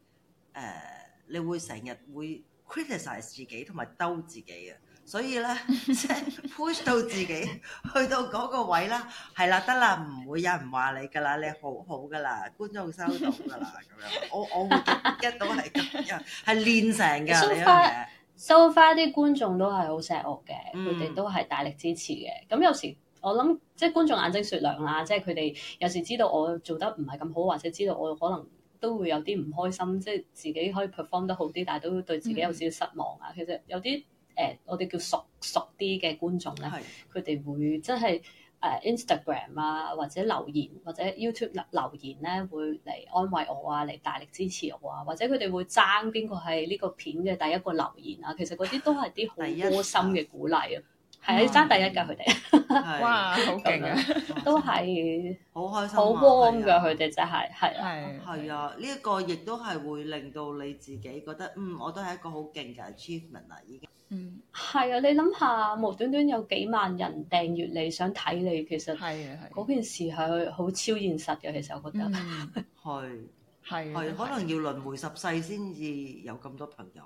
呃，你會成日會 criticise 自己同埋兜自己啊。所以咧即係 push 到自己去到嗰個位啦，係啦，得啦，唔會有人話你㗎啦，你好好㗎啦，觀眾收到㗎啦，咁 樣，我我會 get 到係咁樣，係練成㗎，你係咪？收翻啲觀眾都係好錫我嘅，佢哋都係大力支持嘅。咁有時我諗，即係觀眾眼睛雪亮啦，即係佢哋有時知道我做得唔係咁好，或者知道我可能都會有啲唔開心，即係自己可以 perform 得好啲，但係都對自己有少少失望啊。其實有啲誒，我哋叫熟熟啲嘅觀眾咧，佢哋會真係。誒 Instagram 啊，或者留言，或者 YouTube 留言咧，會嚟安慰我啊，嚟大力支持我啊，或者佢哋會爭邊個係呢個片嘅第一個留言啊，其實嗰啲都係啲好窩心嘅鼓勵啊。係啊，爭 的第一噶佢哋。哇好勁 啊，都係好開心，好 warm 噶佢哋真係，係係啊，呢一個亦都係會令到你自己覺得嗯，我都係一個好勁嘅 achievement 啊，已經，嗯係啊，你諗下無端端有幾萬人訂閱你，想睇你，其實係啊，係嗰件事係好超現實嘅，其實我覺得，係係係，可能要輪回十世先至有咁多朋友。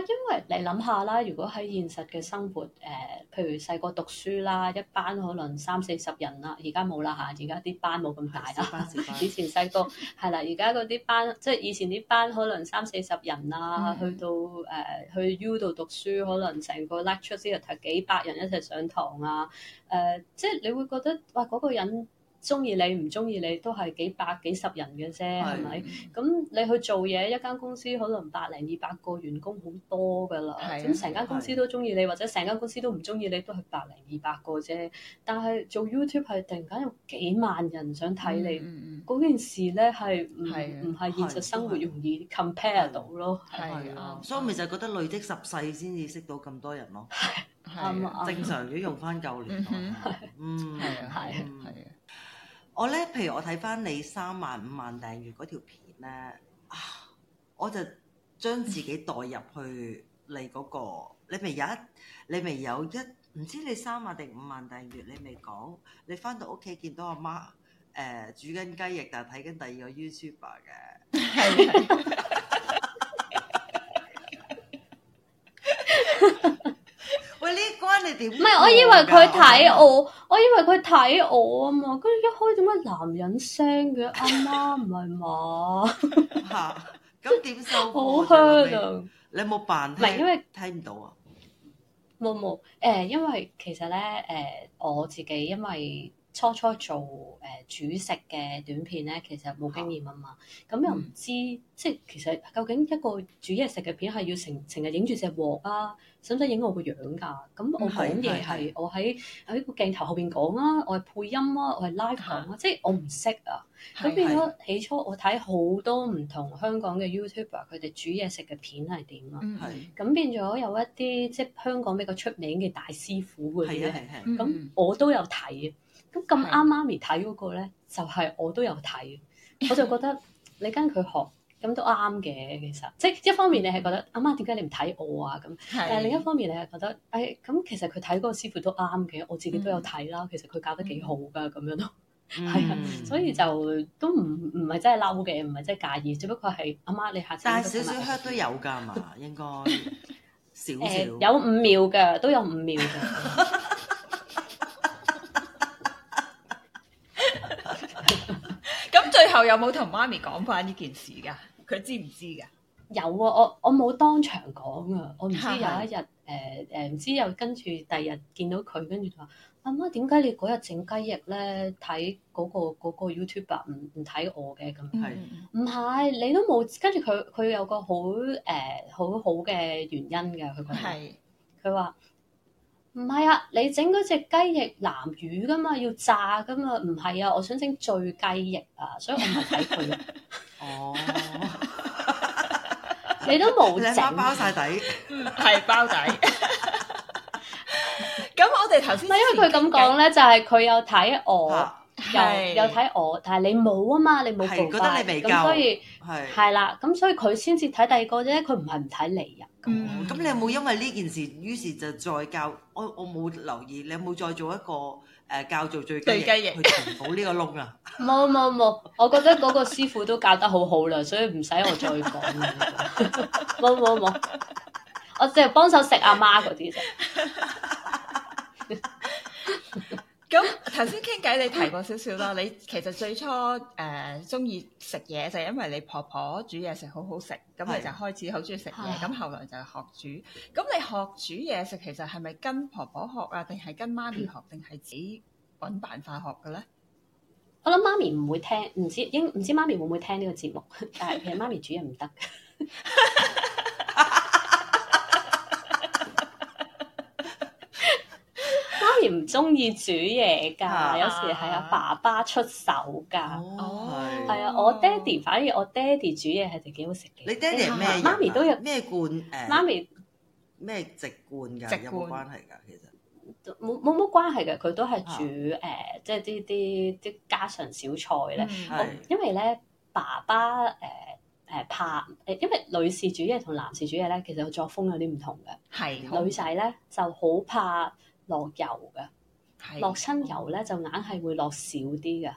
因為你諗下啦，如果喺現實嘅生活，誒、呃，譬如細個讀書啦，一班可能三四十人啦，而家冇啦嚇，而家啲班冇咁大啦。 以前細個係啦，而家嗰啲班，即係以前啲班可能三四十人啊、mm. 呃，去到誒去 U 度讀書，可能成個 lecture theatre 幾百人一齊上堂啊，誒、呃，即係你會覺得哇嗰、嗰個人。中意你唔中意你都係幾百幾十人嘅啫，係咪？咁你去做嘢，一間公司可能百零二百個員工好多噶啦，咁成間公司都中意你，或者成間公司都唔中意你都係百零二百個啫。但係做 YouTube 係突然間有幾萬人想睇你，嗰件事咧係唔唔係現實生活容易 compare 到咯？係啊，所以咪就係覺得累積十世先至識到咁多人咯。係啱啊！正常如果用翻舊年代，嗯係啊係啊。我咧，譬如我睇翻你三萬五萬訂閱嗰條片咧，啊，我就將自己代入去你嗰、嗰個，你咪有一，你咪有一，唔知你三萬定五萬訂閱，你咪講？你翻到屋企見到阿媽，誒、呃、煮緊雞翼，但係睇緊第二個 YouTuber 嘅。 唔係，我以為佢睇我， 我以為佢睇我啊嘛，跟住一開，點解男人聲嘅？阿媽唔係嘛？吓、 啊？咁點收好？好香啊！ 你有冇扮？唔係，因為睇唔到啊。冇冇， 誒，因為其實咧，誒、呃，我自己因為。初初做誒煮食嘅短片咧，其實冇經驗啊嘛，咁又唔知即係其實究竟一個煮嘢食嘅片係要成成日影住隻鑊啊，使唔使影我個樣噶？咁我講嘢係我喺喺個鏡頭後邊講啊，我係配音啊，我係 live 講啊，即係我唔識啊。咁變咗起初我睇好多唔同香港嘅 YouTuber，佢哋煮嘢食嘅片係點啊？咁變咗有一啲即係香港比較出名嘅大師傅嗰啲咧，咁我都有睇。咁咁啱，媽咪睇嗰個咧，就係、是、我都有睇，我就覺得你跟佢學咁都啱嘅，其實即係一方面你係覺得阿媽點解你唔睇我啊咁，但係是另一方面你係覺得誒咁、哎、其實佢睇嗰個師傅都啱嘅，我自己都有睇啦，嗯、其實佢教得幾好噶咁樣咯，係、嗯 啊，所以就都唔唔係真係嬲嘅，唔係真係介意，只不過係阿媽，媽你下次但小小小，但 少少 heat 都、呃、有㗎嘛，應該少少有五秒嘅，都有五秒嘅。 後有冇同媽咪講返呢件事㗎？佢知唔知㗎？有啊，我我冇當場講啊，我唔知有的一日誒誒，唔、呃、知又跟住第日見到佢，跟住就話阿媽，點解你嗰日整雞翼咧，睇嗰個、嗰個、YouTuber 唔唔睇我嘅咁？唔係的，你都冇跟住佢，佢有個、呃、好誒好好嘅原因嘅，佢講佢話。的唔係啊，你整嗰隻雞翼南乳噶嘛，要炸噶嘛，唔係啊，我想整醉雞翼啊，所以我唔係睇佢啊。哦， 你都冇整，包晒底，係、 嗯、包底。咁我哋頭先，唔係因為佢咁講咧，就係、是、佢有睇我。啊有睇我，但係你冇啊嘛，你冇做雞翼，咁所以係係是啦，咁所以佢先至睇第二個啫，佢唔係唔睇你啊。嗯，咁你有冇因為呢件事，於是就再教我？我冇留意，你有冇再做一個誒、呃、教做最雞翼，最雞翼 去填補呢個窿啊？冇冇冇，我覺得嗰個師傅都教得好好啦，所以唔使我再講。冇冇冇，我淨係幫手食阿媽嗰啲啫。頭先傾偈你提過少少啦， 你其實最初誒中意食嘢就係因為你婆婆煮嘢食好好食，咁的你就開始好中意食嘢，咁 後來就學煮。咁你學煮嘢食其實係咪跟婆婆學啊？定係跟媽咪學？定係自己揾辦法學嘅咧？我諗媽咪唔會聽，唔知應唔知媽咪會唔會聽呢個節目？但係其實媽咪煮嘢唔得。 唔中意煮嘢噶，有時係阿爸爸出手噶，哦，係啊！我爹哋反而我爹哋煮嘢係就幾好食嘅。你爹哋咩人？媽咪都有咩罐？誒媽咪咩籍貫噶？有冇關係噶？其實冇冇乜關係嘅，佢都係煮誒，即係啲啲啲家常小菜咧。因為咧爸爸誒誒怕誒，因為女士煮嘢同男士煮嘢咧，其實個作風有啲唔同嘅。係女仔咧就好怕，落油嘅，落親的油咧就硬係會落少啲嘅。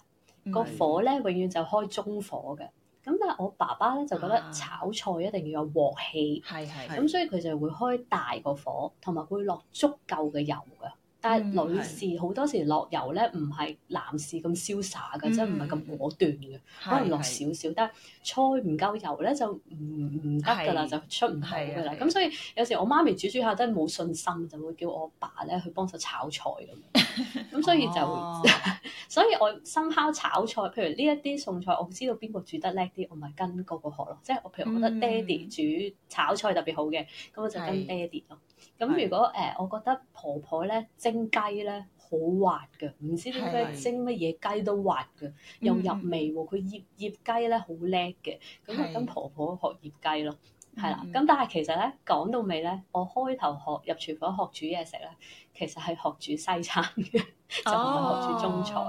個火咧，永遠就開中火嘅。咁但係我爸爸咧就覺得炒菜一定要有鑊氣，咁所以佢就會開大個火，同埋會落足夠嘅油嘅。女士好多時落油咧，唔係男士咁瀟灑嘅，即係唔係咁果斷嘅，可能落少少。但係菜唔夠油咧，就唔唔得㗎啦，就出唔好㗎啦。咁所以有時我媽咪煮煮下真係冇信心，就會叫我爸咧去幫手炒菜咁。咁所以就、 哦、 所以我甚至炒菜，譬如呢一啲餸菜，我知道邊個煮得叻啲，我咪跟嗰個學咯。即係我譬如我覺得爹哋煮炒菜特別好嘅，咁我、嗯、就跟爹哋咯。咁如果誒、呃，我覺得婆婆咧蒸雞咧好滑嘅，唔知點解的蒸乜嘢雞都滑嘅，又入味喎。佢、嗯、醃醃雞咧好叻嘅，咁就跟婆婆學醃雞咯，係啦的。咁、嗯、但係其實咧講到尾咧，我開頭學入廚房學煮嘢食咧，其實係學煮西餐嘅，哦、 就唔學煮中菜。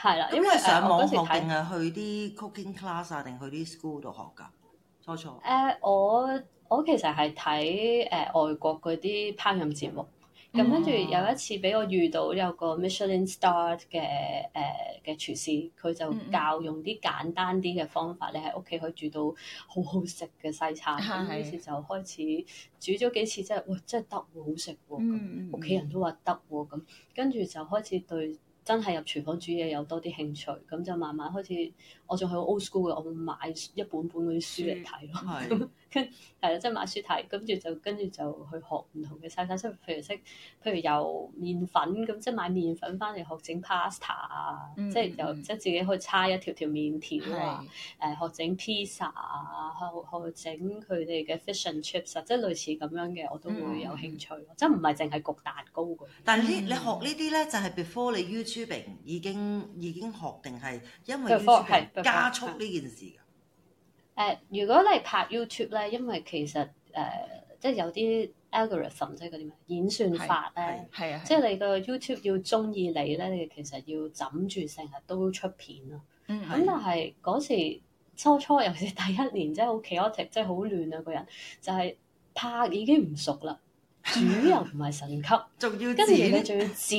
係啦、哦，因為上網學定係去啲 Cooking Class 啊，定去啲 School 度學㗎？初初誒我。我其實係睇誒外國嗰啲烹飪節目，咁跟住有一次俾我遇到有個 Michelin Star 嘅誒嘅廚師，佢就教用啲簡單啲嘅方法，嗯嗯你喺屋企可以煮到好好食嘅西餐。於是、嗯嗯、就開始煮咗幾次，真係，哇！真係得喎，好食喎，屋企人都話得喎，咁跟住就開始對真係入廚房煮嘢有多啲興趣，咁就慢慢開始。我仲去 old school 嘅，我會買一本本嗰啲書嚟睇咯，跟係啦，嗯 嗯嗯、即係買書睇，跟住就跟住就去學唔同嘅嘢。即譬如識，譬如由麵粉咁，即係買麵粉翻嚟學整 pasta 啊、嗯，嗯、即係又即係自己去搓一條條麵條啊，誒是學整 pizza 啊，學學整佢哋嘅 fish and chips 啊，即係類似咁樣嘅我都會有興趣，即係唔係淨係焗蛋糕嘅？嗯、但係呢，你學呢啲咧就係 before 你 you YouTube 已經已經學定係，因為 YouTube 加速呢件事嘅，誒、呃，如果你拍 YouTube 咧，因為其實誒、呃，即係有啲 algorithm 即係嗰啲咩演算法咧，係啊，即係你個 YouTube 要中意你咧，你其實要枕住成日都出片咯。嗯，咁但係嗰時初初尤其是第一年，即係好 chaotic 係好亂啊！亂個人就係、是、拍已經唔熟啦，主又唔係神級，仲要跟住你仲要剪，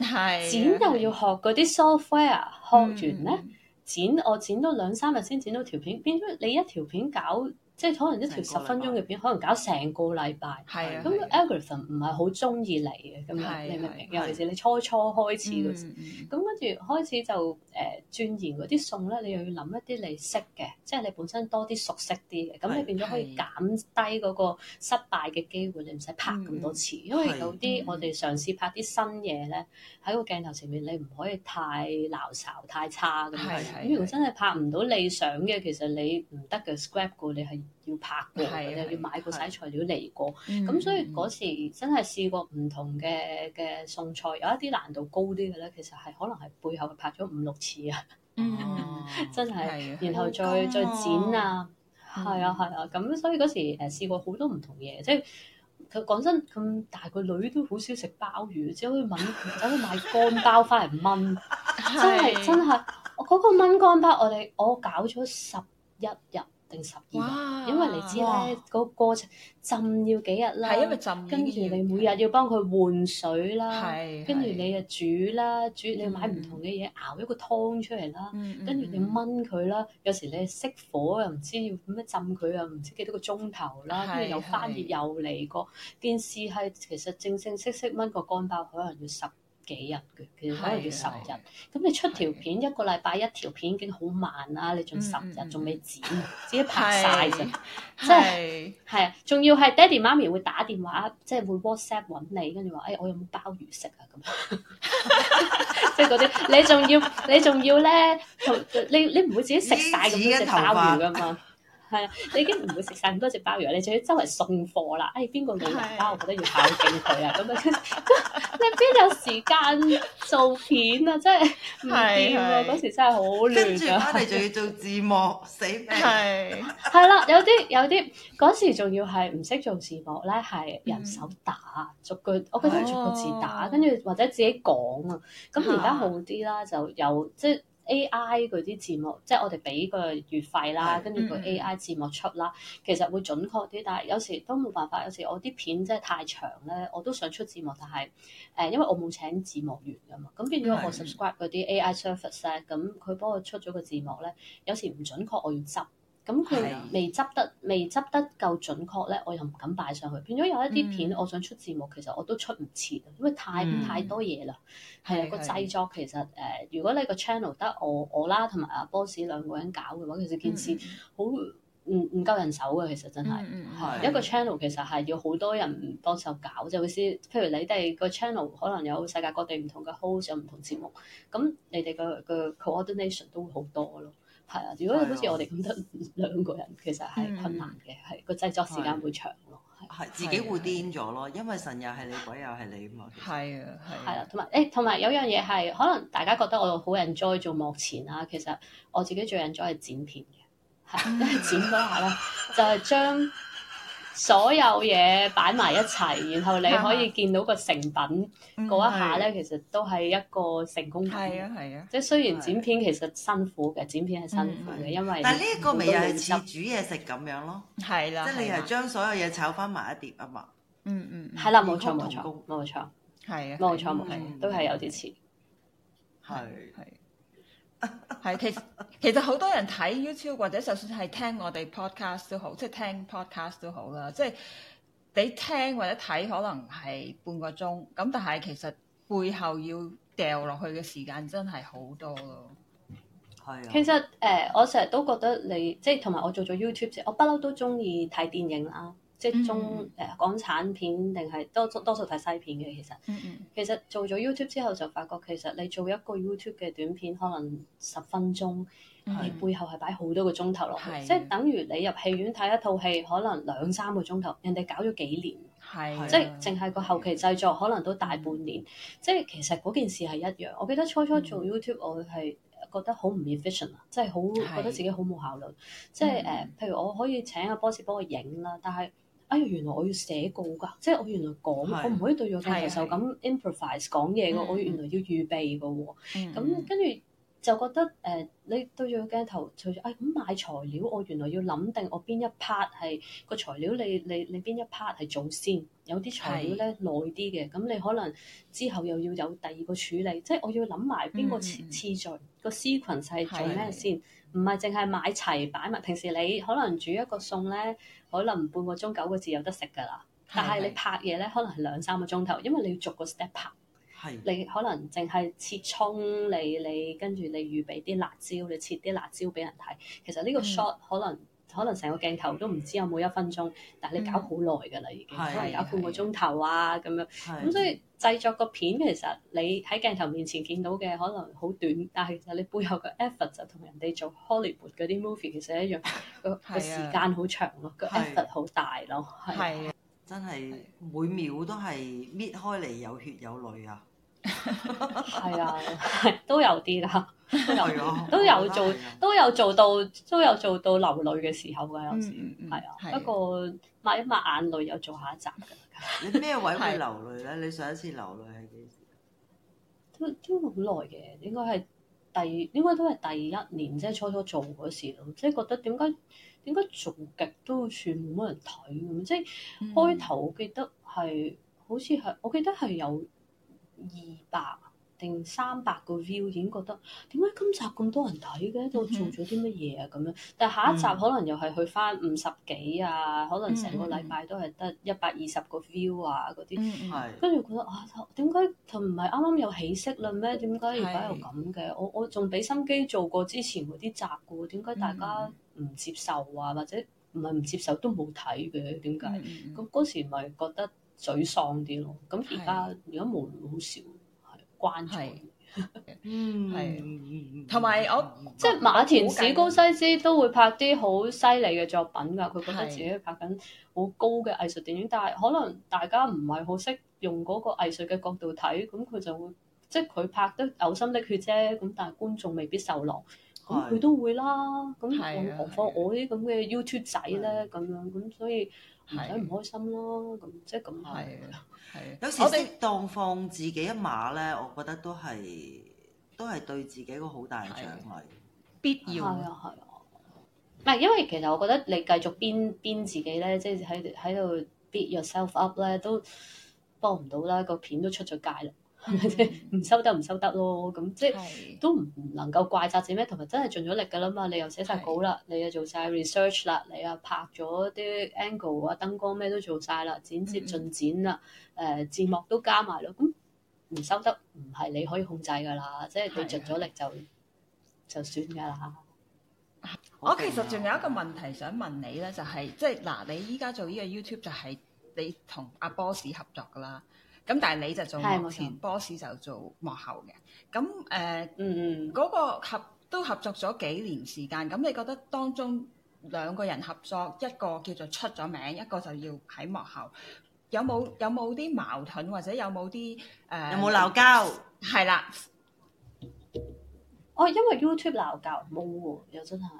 係剪， 的剪又要學嗰啲 software，學完咧。嗯剪我剪多兩三日先剪到條片，變咗你一條片搞。即係可能一條十分鐘嘅片，可能搞成個禮拜。係啊。咁 algorithm 唔係好中意嚟嘅，咁你明唔明？尤其是你初初開始嗰時，咁跟住開始就誒鑽研嗰啲餸咧，你又要諗一啲你識嘅，即係你本身多啲熟悉啲嘅，咁你變咗可以減低嗰個失敗嘅機會，你唔使拍咁多次。因為有啲我哋嘗試拍啲新嘢咧，喺個鏡頭前面你唔可以太鬧巢、太差嘅。係咁如果真係拍唔到理想嘅，其實你唔得嘅 scrap 過你係。要拍嘅，又要買嗰啲材料嚟過，咁所以嗰時真係試過唔同嘅嘅餸菜，有一啲難度高啲嘅咧，其實係可能係背後拍咗五六次啊，真係，然後再再剪啊，係啊係啊，咁所以嗰時誒試過好多唔同嘢，即係講真咁，大個女都好少食鮑魚，只可以問走去買乾鮑翻嚟燜，真係真係，嗰個燜乾鮑我哋我搞咗十一日。十二，因為你知咧，嗰個過程浸要幾日啦，跟住你每日要幫佢換水啦，跟住你就煮啦，煮你買唔同嘅嘢熬一個湯出嚟啦，跟住你燜佢啦，有時你熄火又唔知要點樣浸佢啊，唔知幾多個鐘頭啦，跟住又翻熱又嚟過，件事係其實正正式式燜個乾包，可能要十幾日嘅？佢可能要十日。咁的你出條片的一個禮拜一條片已經好慢啦！你仲十日仲未剪，嗯嗯，自己拍晒啫。即係係啊，仲、就是、的要係爹哋媽咪會打電話，即、就、係、是、會 WhatsApp 揾你，跟住話：誒、哎，我有冇鮑魚食啊？咁即係嗰啲，你仲要你仲要咧，你呢，你唔會自己食晒咁樣食鮑魚噶嘛？ 係啊，你已經唔會食晒咁多隻鮑魚，你就要周圍送貨啦！哎，邊個女人包，我覺得要孝敬佢啊！咁樣、即係，你邊有時間做片啊？真係唔掂喎！嗰時真係好亂啊！跟住我仲要做字幕，死命係係啦，有啲有啲嗰時仲要係唔識做字幕咧，係人手打、嗯、逐個，我覺得逐個字打，跟住、啊、或者自己講啊。咁而家好啲啦，就有即係。即係即係 A.I. 嗰啲字幕，即係我哋俾個月費啦，跟住是個 A.I. 字幕出啦，嗯、其實會準確啲，但係有時都冇辦法。有時我啲片真係太長咧，我都想出字幕，但係誒、呃，因為我冇請字幕員噶嘛，咁變咗我 subscribe 嗰啲 A.I. Service, surface 咧，咁佢幫我出咗個字幕咧，有時唔準確，我要執。咁佢未執得未執得夠準確咧，我又唔敢擺上去。變咗有一啲片，我想出字幕，嗯、其實我都出唔切，因為太太多嘢啦。係啊，個製作其實誒、呃，如果你個 channel 得我我啦，同埋阿 boss 兩個人搞嘅話，其實件事好唔唔夠人手嘅。其實真係係、嗯、一個 channel 其實係要好多人幫手搞，就好似譬如你哋個 channel 可能有世界各地唔同嘅 host 有唔同節目，咁你哋嘅嘅 coordination 都會好多咯。係啊，如果好似我哋咁得兩個人，其實係困難嘅，係個、嗯、製作時間會長咯。係、啊啊、自己會癲咗咯，因為神又係你，鬼又係你㗎嘛！係啊，係啊，同埋誒，同埋、啊啊、有、欸、有，有樣嘢係可能大家覺得我好 enjoy 做幕前啦，其實我自己最 enjoy 係剪片嘅，係剪咗下咧，就係將。 所有嘢擺埋一齊，然後你可以見到個成品嗰一下咧，其實都係一個成功。係啊係啊，即係雖然剪片其實辛苦嘅，剪片係辛苦嘅，因為但係呢一個咪又係似煮嘢食咁樣咯，係啦，即係你係將所有嘢炒翻埋一碟啊嘛。嗯嗯，係啦，冇錯冇錯冇錯，係啊，冇錯冇錯，都係有啲似，係係。係 其實其實好多人睇 YouTube 或者就算係聽我哋 podcast 都好，即係聽 podcast 都好啦。即係你聽或者睇，可能係半個鐘咁，但係其實背後要掉落去嘅時間真係好多咯。係啊，其實誒、呃，我成日都覺得你即係同埋我做咗 YouTube，我不嬲都中意睇電影啦。即中誒、呃、港產片定係多，多，多數多數睇西片嘅其實，嗯、其實做咗 YouTube 之後就發覺其實你做一個 YouTube 嘅短片可能十分鐘，的你背後係擺好多個鐘頭落去，的即係等於你入戲院睇一套戲可能兩三個鐘頭，人哋搞咗幾年，的即係淨係個後期製作可能都大半年，的嗯、即係其實嗰件事係一樣。我記得初初做 YouTube 我係覺得好唔 efficient 啊，即係好覺得自己好冇效率，的即係誒、呃，譬如我可以請阿 boss 幫我影啦，但係。哎，原來我要寫稿㗎，即係我原來講，是我唔可以對住鏡頭就咁 improvise 講嘢嘅是，嗯、我原來要預備嘅喎。咁跟住就覺得誒、呃，你對住個鏡頭，除咗誒咁買材料，我原來要諗定我邊一 part 係個材料你，你你你邊一 part 係做先。有啲材料咧耐啲嘅，咁是你,你可能之後又要有第二個處理，即係我要諗埋邊個次,、嗯、次序，個 sequence 做咩先？唔係淨係買齊擺埋。平時, uh, 平時你可能煮一個餸咧。可能半個鐘九個字有得食㗎喇，但係你拍嘢咧，可能係兩三個鐘頭，因為你要逐個 step 拍，係 你可能淨係切蔥，你你跟住你預備啲辣椒，你切啲辣椒俾人睇，其實呢個 shot 可能。可能成個鏡頭都唔知有冇一分鐘，但係你搞好耐㗎啦，嗯、已經搞半個鐘頭啊咁的樣。咁的所以製作個片其實你喺鏡頭面前見到嘅可能好短，但係其實你背後嘅 effort 就同人哋做 Hollywood 嗰啲 movie 其實一樣，個的個時間好長咯，的個 effort 好大咯，係真係每秒都係搣開嚟有血有淚啊！係 啊，都有啲啦，都有，都有做，都有做到，都有做到流淚嘅時候噶，有時係、嗯嗯、啊。啊不過抹一抹眼淚又做下一集。你咩位會流淚咧？ 啊、你上一次流淚係幾時？都都好耐嘅，應該係第，應該都係第一年，即係初初做嗰時咯。即、就、係、是、覺得點解點解做極都算冇乜人睇咁？即、就、係、是嗯、開頭記得係，好似係，我記得係有。二百定三百個 view 已經覺得點解今集咁多人睇嘅？我做咗啲乜嘢啊？咁樣，但下一集可能又係去返五十幾啊，嗯、可能成個禮拜都係得一百二十個 view 啊嗰啲，跟住、嗯嗯嗯、覺得啊，點解就唔係啱啱有起色嘞咩？點解而家又咁嘅？我我仲俾心機做過之前嗰啲集嘅喎，點解大家唔接受啊？嗯嗯、或者唔係唔接受都冇睇嘅？點解？咁嗰、嗯嗯嗯嗯嗯、時咪覺得。沮喪啲咯，咁而家而家冇好少係關心，的 嗯，係同埋我即係馬田史高西斯都會拍啲好犀利嘅作品㗎，佢覺得自己拍緊好高嘅藝術電影，的但係可能大家唔係好識用嗰個藝術嘅角度睇，咁佢就會即係佢拍得嘔心瀝血啫，咁但係觀眾未必受落，佢的、啊、都會啦，咁何況我啲咁嘅 YouTube 仔咧，咁的樣咁所以。唔使唔開心咯，咁即係咁咯。係啊、係啊，有時適當放自己一馬咧，我覺得都係都係對自己一個好大嘅獎勵，必要係啊，係啊。唔係因為其實我覺得你繼續鞭鞭自己咧，即係喺喺度 beat yourself up 咧，都幫唔到啦，個片都出咗街啦。係咪先唔收得唔收得咯？咁即係是都唔能夠怪責自己咩？同埋真係盡咗力噶啦嘛！你又寫晒稿啦是，你又做晒 research 啦，你又拍咗啲 angle 啊、燈光咩都做晒啦，剪接進展啦，誒、mm hmm. 呃、字幕都加埋咯。咁唔收得唔係你可以控制噶啦，的即係你盡咗力就就算噶啦。的啊、我其實仲有一個問題想問你咧，就係、是就是、即係嗱，你依家做呢個 YouTube 就係你同阿 boss 合作噶啦。咁但係你就做幕前，boss 就做幕後嘅。咁誒，嗯嗯，嗰個合都合作咗幾年時間。咁你覺得當中兩個人合作，一個叫做出咗名，一個就要喺幕後，有冇有冇啲矛盾，或者有冇啲誒有冇鬧交？係啦。哦，因為 YouTube 鬧交冇喎，又真係，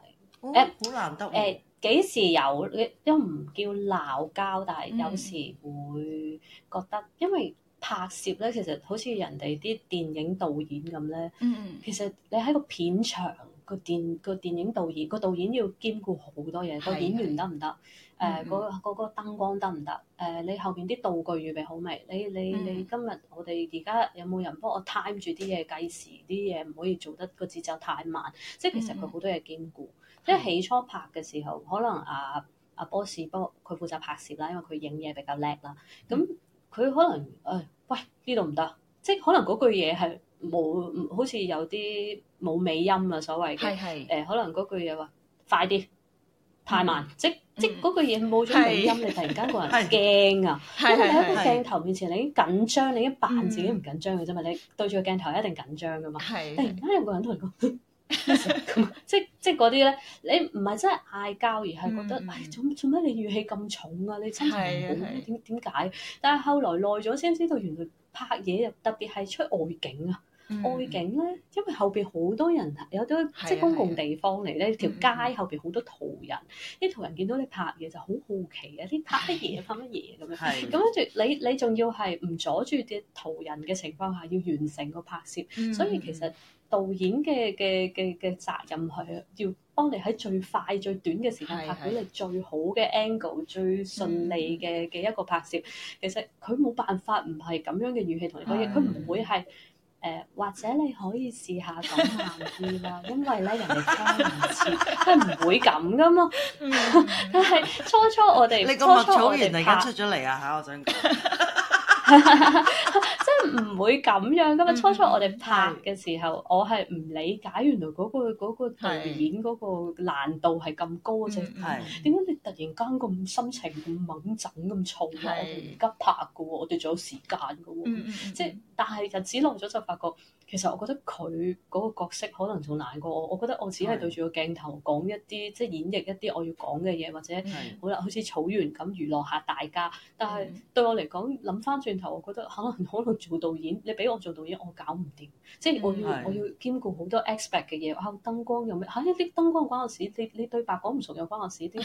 誒好難得誒。幾時有？你都唔叫鬧交，但係有時會覺得，嗯、因為拍攝咧，其實好似人哋啲電影導演咁咧。嗯嗯。其實你喺個片場個電個電影導演個導演要兼顧好多嘢，的個演員得唔得？誒、嗯，嗰嗰、呃個燈光得唔得？誒、呃，你後邊啲道具預備好未？你你你、嗯、你今日我哋而家有冇人幫我 time 住啲嘢計時啲嘢，唔可以做得、個節奏太慢。即係其實佢好多嘢兼顧。嗯、因為起初拍嘅時候，可能阿啊，啊，波士波佢負責拍攝啦，因為佢影嘢比較叻啦。咁佢、嗯、可能誒、哎，喂呢度唔得，即係可能嗰句嘢係冇，好似有啲冇尾音啊所謂嘅。係係誒，可能嗰句嘢話快啲，太慢，嗯、即即嗰句嘢冇咗尾音，是你突然間個人驚啊！是是是是是因為你喺個鏡頭面前，你已經緊張，你已經扮自己唔緊張嘅啫嘛。你對住個鏡頭一定緊張噶嘛。突係誒，有個人同你講？ 即即嗰啲咧，你唔係真係嗌交，而係覺得，做做咩你語氣咁重啊？你心情唔好，點點解？但係後來耐咗先知道，原來拍嘢特別係出外景啊。外景咧，因為後邊好多人，有啲即係公共地方嚟咧，條街後邊好多途人，啲途人見到你拍嘢就好好奇嘅，你拍乜嘢拍乜嘢咁樣。咁跟住你你仲要係唔阻住啲途人嘅情況下，要完成個拍攝，所以其實導演嘅嘅嘅嘅責任係要幫你喺最快最短嘅時間拍到你最好嘅 angle，最順利嘅嘅一個拍攝。其實佢冇辦法唔係咁樣嘅語氣同你講嘢，佢唔會係。誒、呃、或者你可以試下講難啲啦，因為咧人哋聽唔徹，佢唔 會咁噶嘛。但係 初初我哋，你個麥草原突然間出咗嚟啊嚇！ 初初我想講。 即係唔會咁樣噶嘛，初初我哋拍嘅時候，嗯、我係唔理解，原來嗰、嗰個嗰、嗰個導演嗰個難度係咁高嘅啫。點解、嗯嗯、你突然間咁心情咁猛陣咁燥？我哋而家拍嘅，我哋仲有時間嘅，嗯嗯、即係，但係日子耐咗就發覺。其實我覺得佢嗰個角色可能仲難過我。我覺得我只係對住個鏡頭講一啲，即係演繹一啲我要講嘅嘢，或者好啦，好似草原咁娛樂下大家。但係對我嚟講，諗翻轉頭，我覺得可能可能做導演，你俾我做導演，我搞唔掂。即係我要我要兼顧好多 aspect 嘅嘢，嚇燈光有咩？嚇一啲燈光關我事，你你對白講唔熟又關我事啲。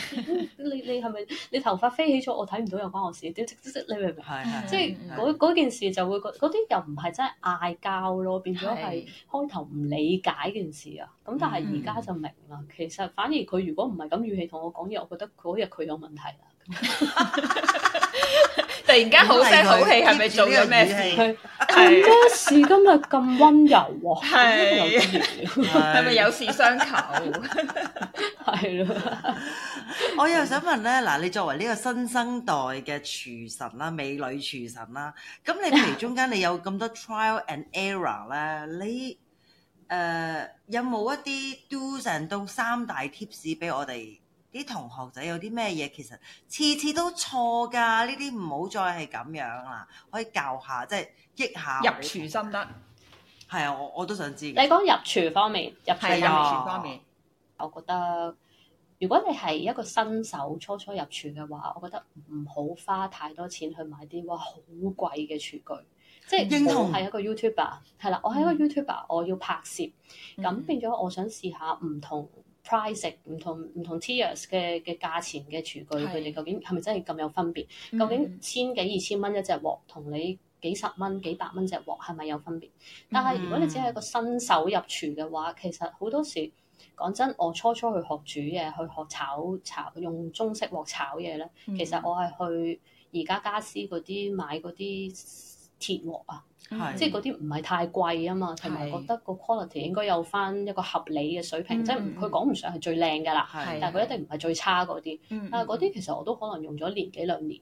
你你係咪？你頭髮飛起咗我睇唔到又關我事，你明唔明？係即係嗰件事就會嗰嗰啲又唔係真係嗌交咯。變咗係開頭唔理解件事啊，咁但係而家就明啦。其實反而佢如果唔係咁語氣同我講嘢，我覺得嗰日佢有問題啦。 突然間好聲好氣，係咪做咗咩事？咁咩事今日咁温柔喎，係係咪有事相求？係咯，我又想問咧，嗱，你作為呢個新生代嘅廚神啦，美女廚神啦，咁你譬如中間你有咁多 trial and error 咧，你誒有冇一啲 do's and don'ts 三大 tips 俾我哋？啲同學仔有啲咩嘢，其實次次都錯噶，呢啲唔好再係咁樣啦，可以教下，即係益下入廚心得。係啊、嗯，我我都想知。你講入廚方面，入廚方面，入廚方面我覺得如果你係一個新手，初初入廚嘅話，我覺得唔好花太多錢去買啲哇好貴嘅廚具。即係同，係一個 YouTuber，係啦，我係一個 YouTuber、嗯、我要拍攝，咁變咗我想試下唔同。Price 唔同唔同 tiers 嘅嘅價錢嘅廚具，佢哋是究竟係咪真係咁有分別？嗯、究竟千幾二千蚊一隻鑊，同你幾十蚊幾百蚊隻鑊係咪有分別？但係如果你只係一個新手入廚嘅話，嗯、其實好多時講真，我初初去學煮嘢，去學炒炒用中式鑊炒嘢咧，其實我係去宜家家私嗰啲買嗰啲鐵鑊啊。即係嗰啲唔係太貴啊嘛，同埋覺得個 quality 應該有翻一個合理嘅水平，即係佢講唔上係最靚嘅啦，但係佢一定唔係最差嗰啲。但係嗰啲其實我都可能用咗年幾兩年，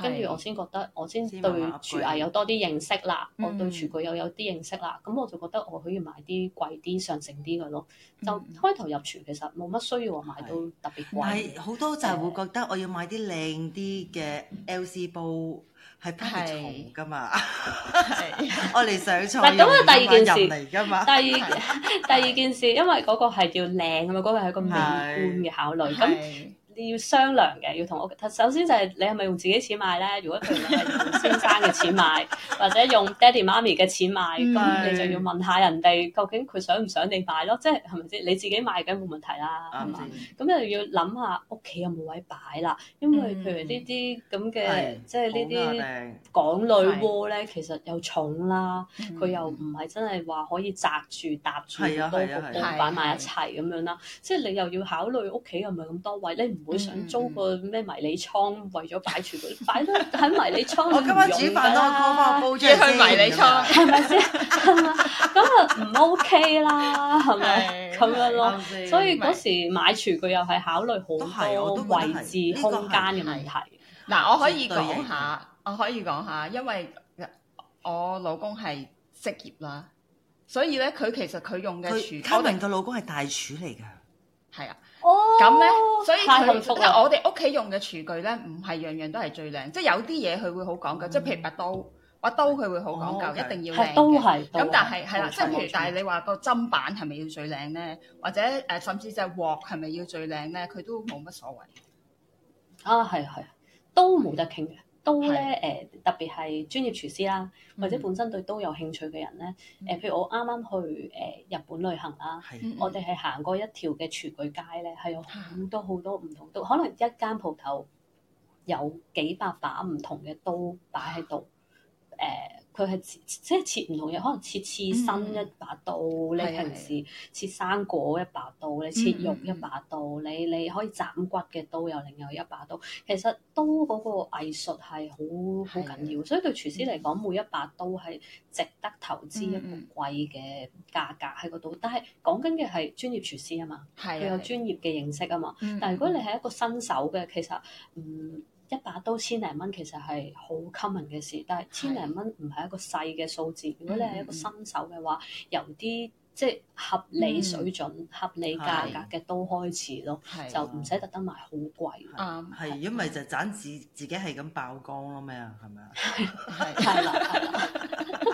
跟住我先覺得，我先對廚藝有多啲認識啦，我對廚具又有啲認識啦，咁我就覺得我可以買啲貴啲上乘啲嘅咯。就開頭入廚其實冇乜需要話買到特別貴，好多就係會覺得我要買啲靚啲嘅 LC 煲。係爬嘛，我哋是 上牀。係咁啊，第二件事，嘛第二 第二件事，因為嗰個係叫靚啊嘛，嗰、嗰個係個美觀嘅考慮咁。是那你要商量嘅，要同屋。首先就係你係咪用自己錢買咧？如果譬如係先生嘅錢買， 或者用爹哋媽咪嘅錢買，咁、 嗯、你就要問下人哋究竟佢想唔想你買咯？即係係咪先？你自己買梗冇問題啦，係嘛？咁又、嗯、要諗下屋企有冇位擺啦。因為譬如呢啲咁嘅，即係呢啲港女窩咧，其實又重啦，佢又唔係真係話可以扎住搭住多個擺埋一齊咁樣啦。即、就、係、是、你又要考慮屋企有冇咁多位，你唔～你唔會想租個咩迷你倉，為咗擺廚具，擺喺迷你倉。我今晚煮飯都好倉房住，去迷你倉係咪先？咁啊唔 OK 啦，係咪咁樣咯？所以嗰時買廚具又係考慮好多位置空間嘅問題。嗱，我可以講下，我可以講下，因為我老公係職業啦，所以咧佢其實佢用嘅廚 Kevin 嘅老公係大廚嚟嘅，係啊。咁咧、哦，所以其實我哋屋企用嘅廚具咧，唔係樣樣都係最靚，即係有啲嘢佢會好講究，即係、嗯、譬如把刀，把刀佢會好講究，哦、一定要靚嘅都係，咁但係係啦，即係譬如，好但係你話個砧板係咪要最靚咧？或者誒、呃，甚至就係鑊係咪要最靚咧？佢都冇乜所謂。啊，係啊，係都冇得傾嘅。刀咧誒的、呃，特別係專業廚師啦，或者本身對刀有興趣嘅人咧，誒、呃，譬如我啱啱去誒、呃、日本旅行啦，的我哋係行過一條嘅廚具街咧，係有好多好多唔同刀，的可能一間鋪頭有幾百把唔同嘅刀擺喺度，誒的。呃佢係切，即係切唔同嘢，可能切刺身一把刀，嗯、你平時切生果一把刀，嗯、你切肉一把刀，嗯、你你可以斬骨嘅刀又另有一把刀。其實刀嗰個藝術係好好緊要，的所以對廚師嚟講，嗯、每一把刀係值得投資一個貴嘅價格喺個刀。但係講緊嘅係專業廚師啊嘛，佢的有專業嘅認識啊嘛。但係如果你係一個新手嘅，其實唔。嗯嗯一把刀千零蚊其實係好 common 嘅事，但係千零蚊唔係一個細嘅數字。是如果你係一個新手嘅話，嗯、由啲即係合理水準、嗯、合理價格嘅刀開始咯，的就唔使特登買好貴。啱係的，因為就斬自自己係咁爆光咯咩啊？係咪啊？係啦的。的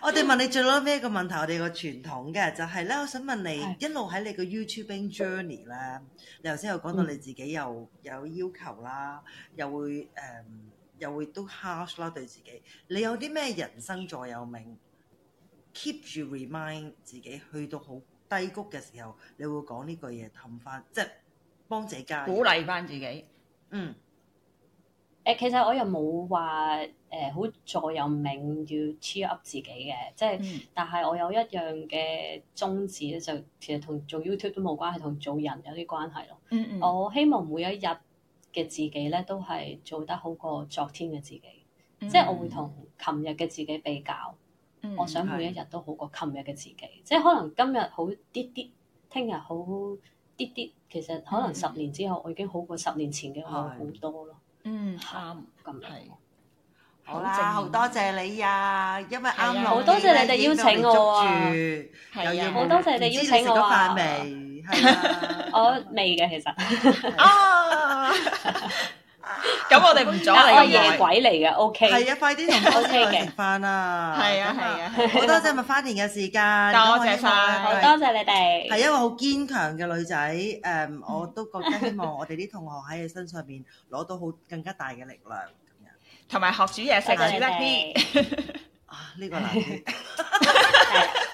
我哋問你最攞咩一個問題我，我哋個傳統嘅就係、是、咧，我想問你 一路喺你個 YouTubeing journey 咧，你頭先又講到你自己又有，有要求啦，又會誒、嗯，又會都 harsh 啦對自己。你有啲咩人生座右銘 keep 住 remind 自己，去到好低谷嘅時候，你會講呢句嘢氹翻，即係幫自己加油，鼓勵翻自己。嗯。其實我又冇話誒好座右銘要 cheer up 自己嘅，即係但係我有一樣嘅宗旨咧，就其實同做 YouTube 都冇關係，同做人有啲關係咯。嗯嗯，我希望每一日嘅自己咧，都係做得好過昨天嘅自己，即係我會同琴日嘅自己比較。嗯嗯，我想每一日都好過琴日嘅自己，嗯、即係可能今日好啲啲，聽日好啲啲，其實可能十年之後我已經好過十年前嘅我好多咯。嗯嗯。嗯，啱，咁係。好啦，好多謝你啊！因為啱好，多謝你哋邀請我啊，係啊，好多謝你哋邀請我啊。我未嘅其實。哦。咁 我哋唔阻你夜鬼嚟嘅，OK。係 啊，快啲同我出去食飯啦！係啊係啊，好、啊啊、 多謝麥花田嘅時間， 多謝晒，好多謝你哋。係一個好堅強嘅女仔，誒，我都覺得希望我哋啲同學喺你身上邊攞到好更加大嘅力量，同埋 學煮嘢食， 的煮得啲。 啊，呢、這個難啲。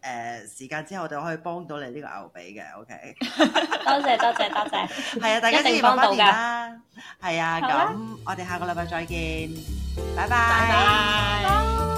誒、uh, 時間之後，我哋可以幫到你呢個牛髀嘅，OK？多謝多謝多謝，係 啊，大家一定幫到㗎，係 啊，咁吧我哋下個禮拜再見，拜拜拜拜。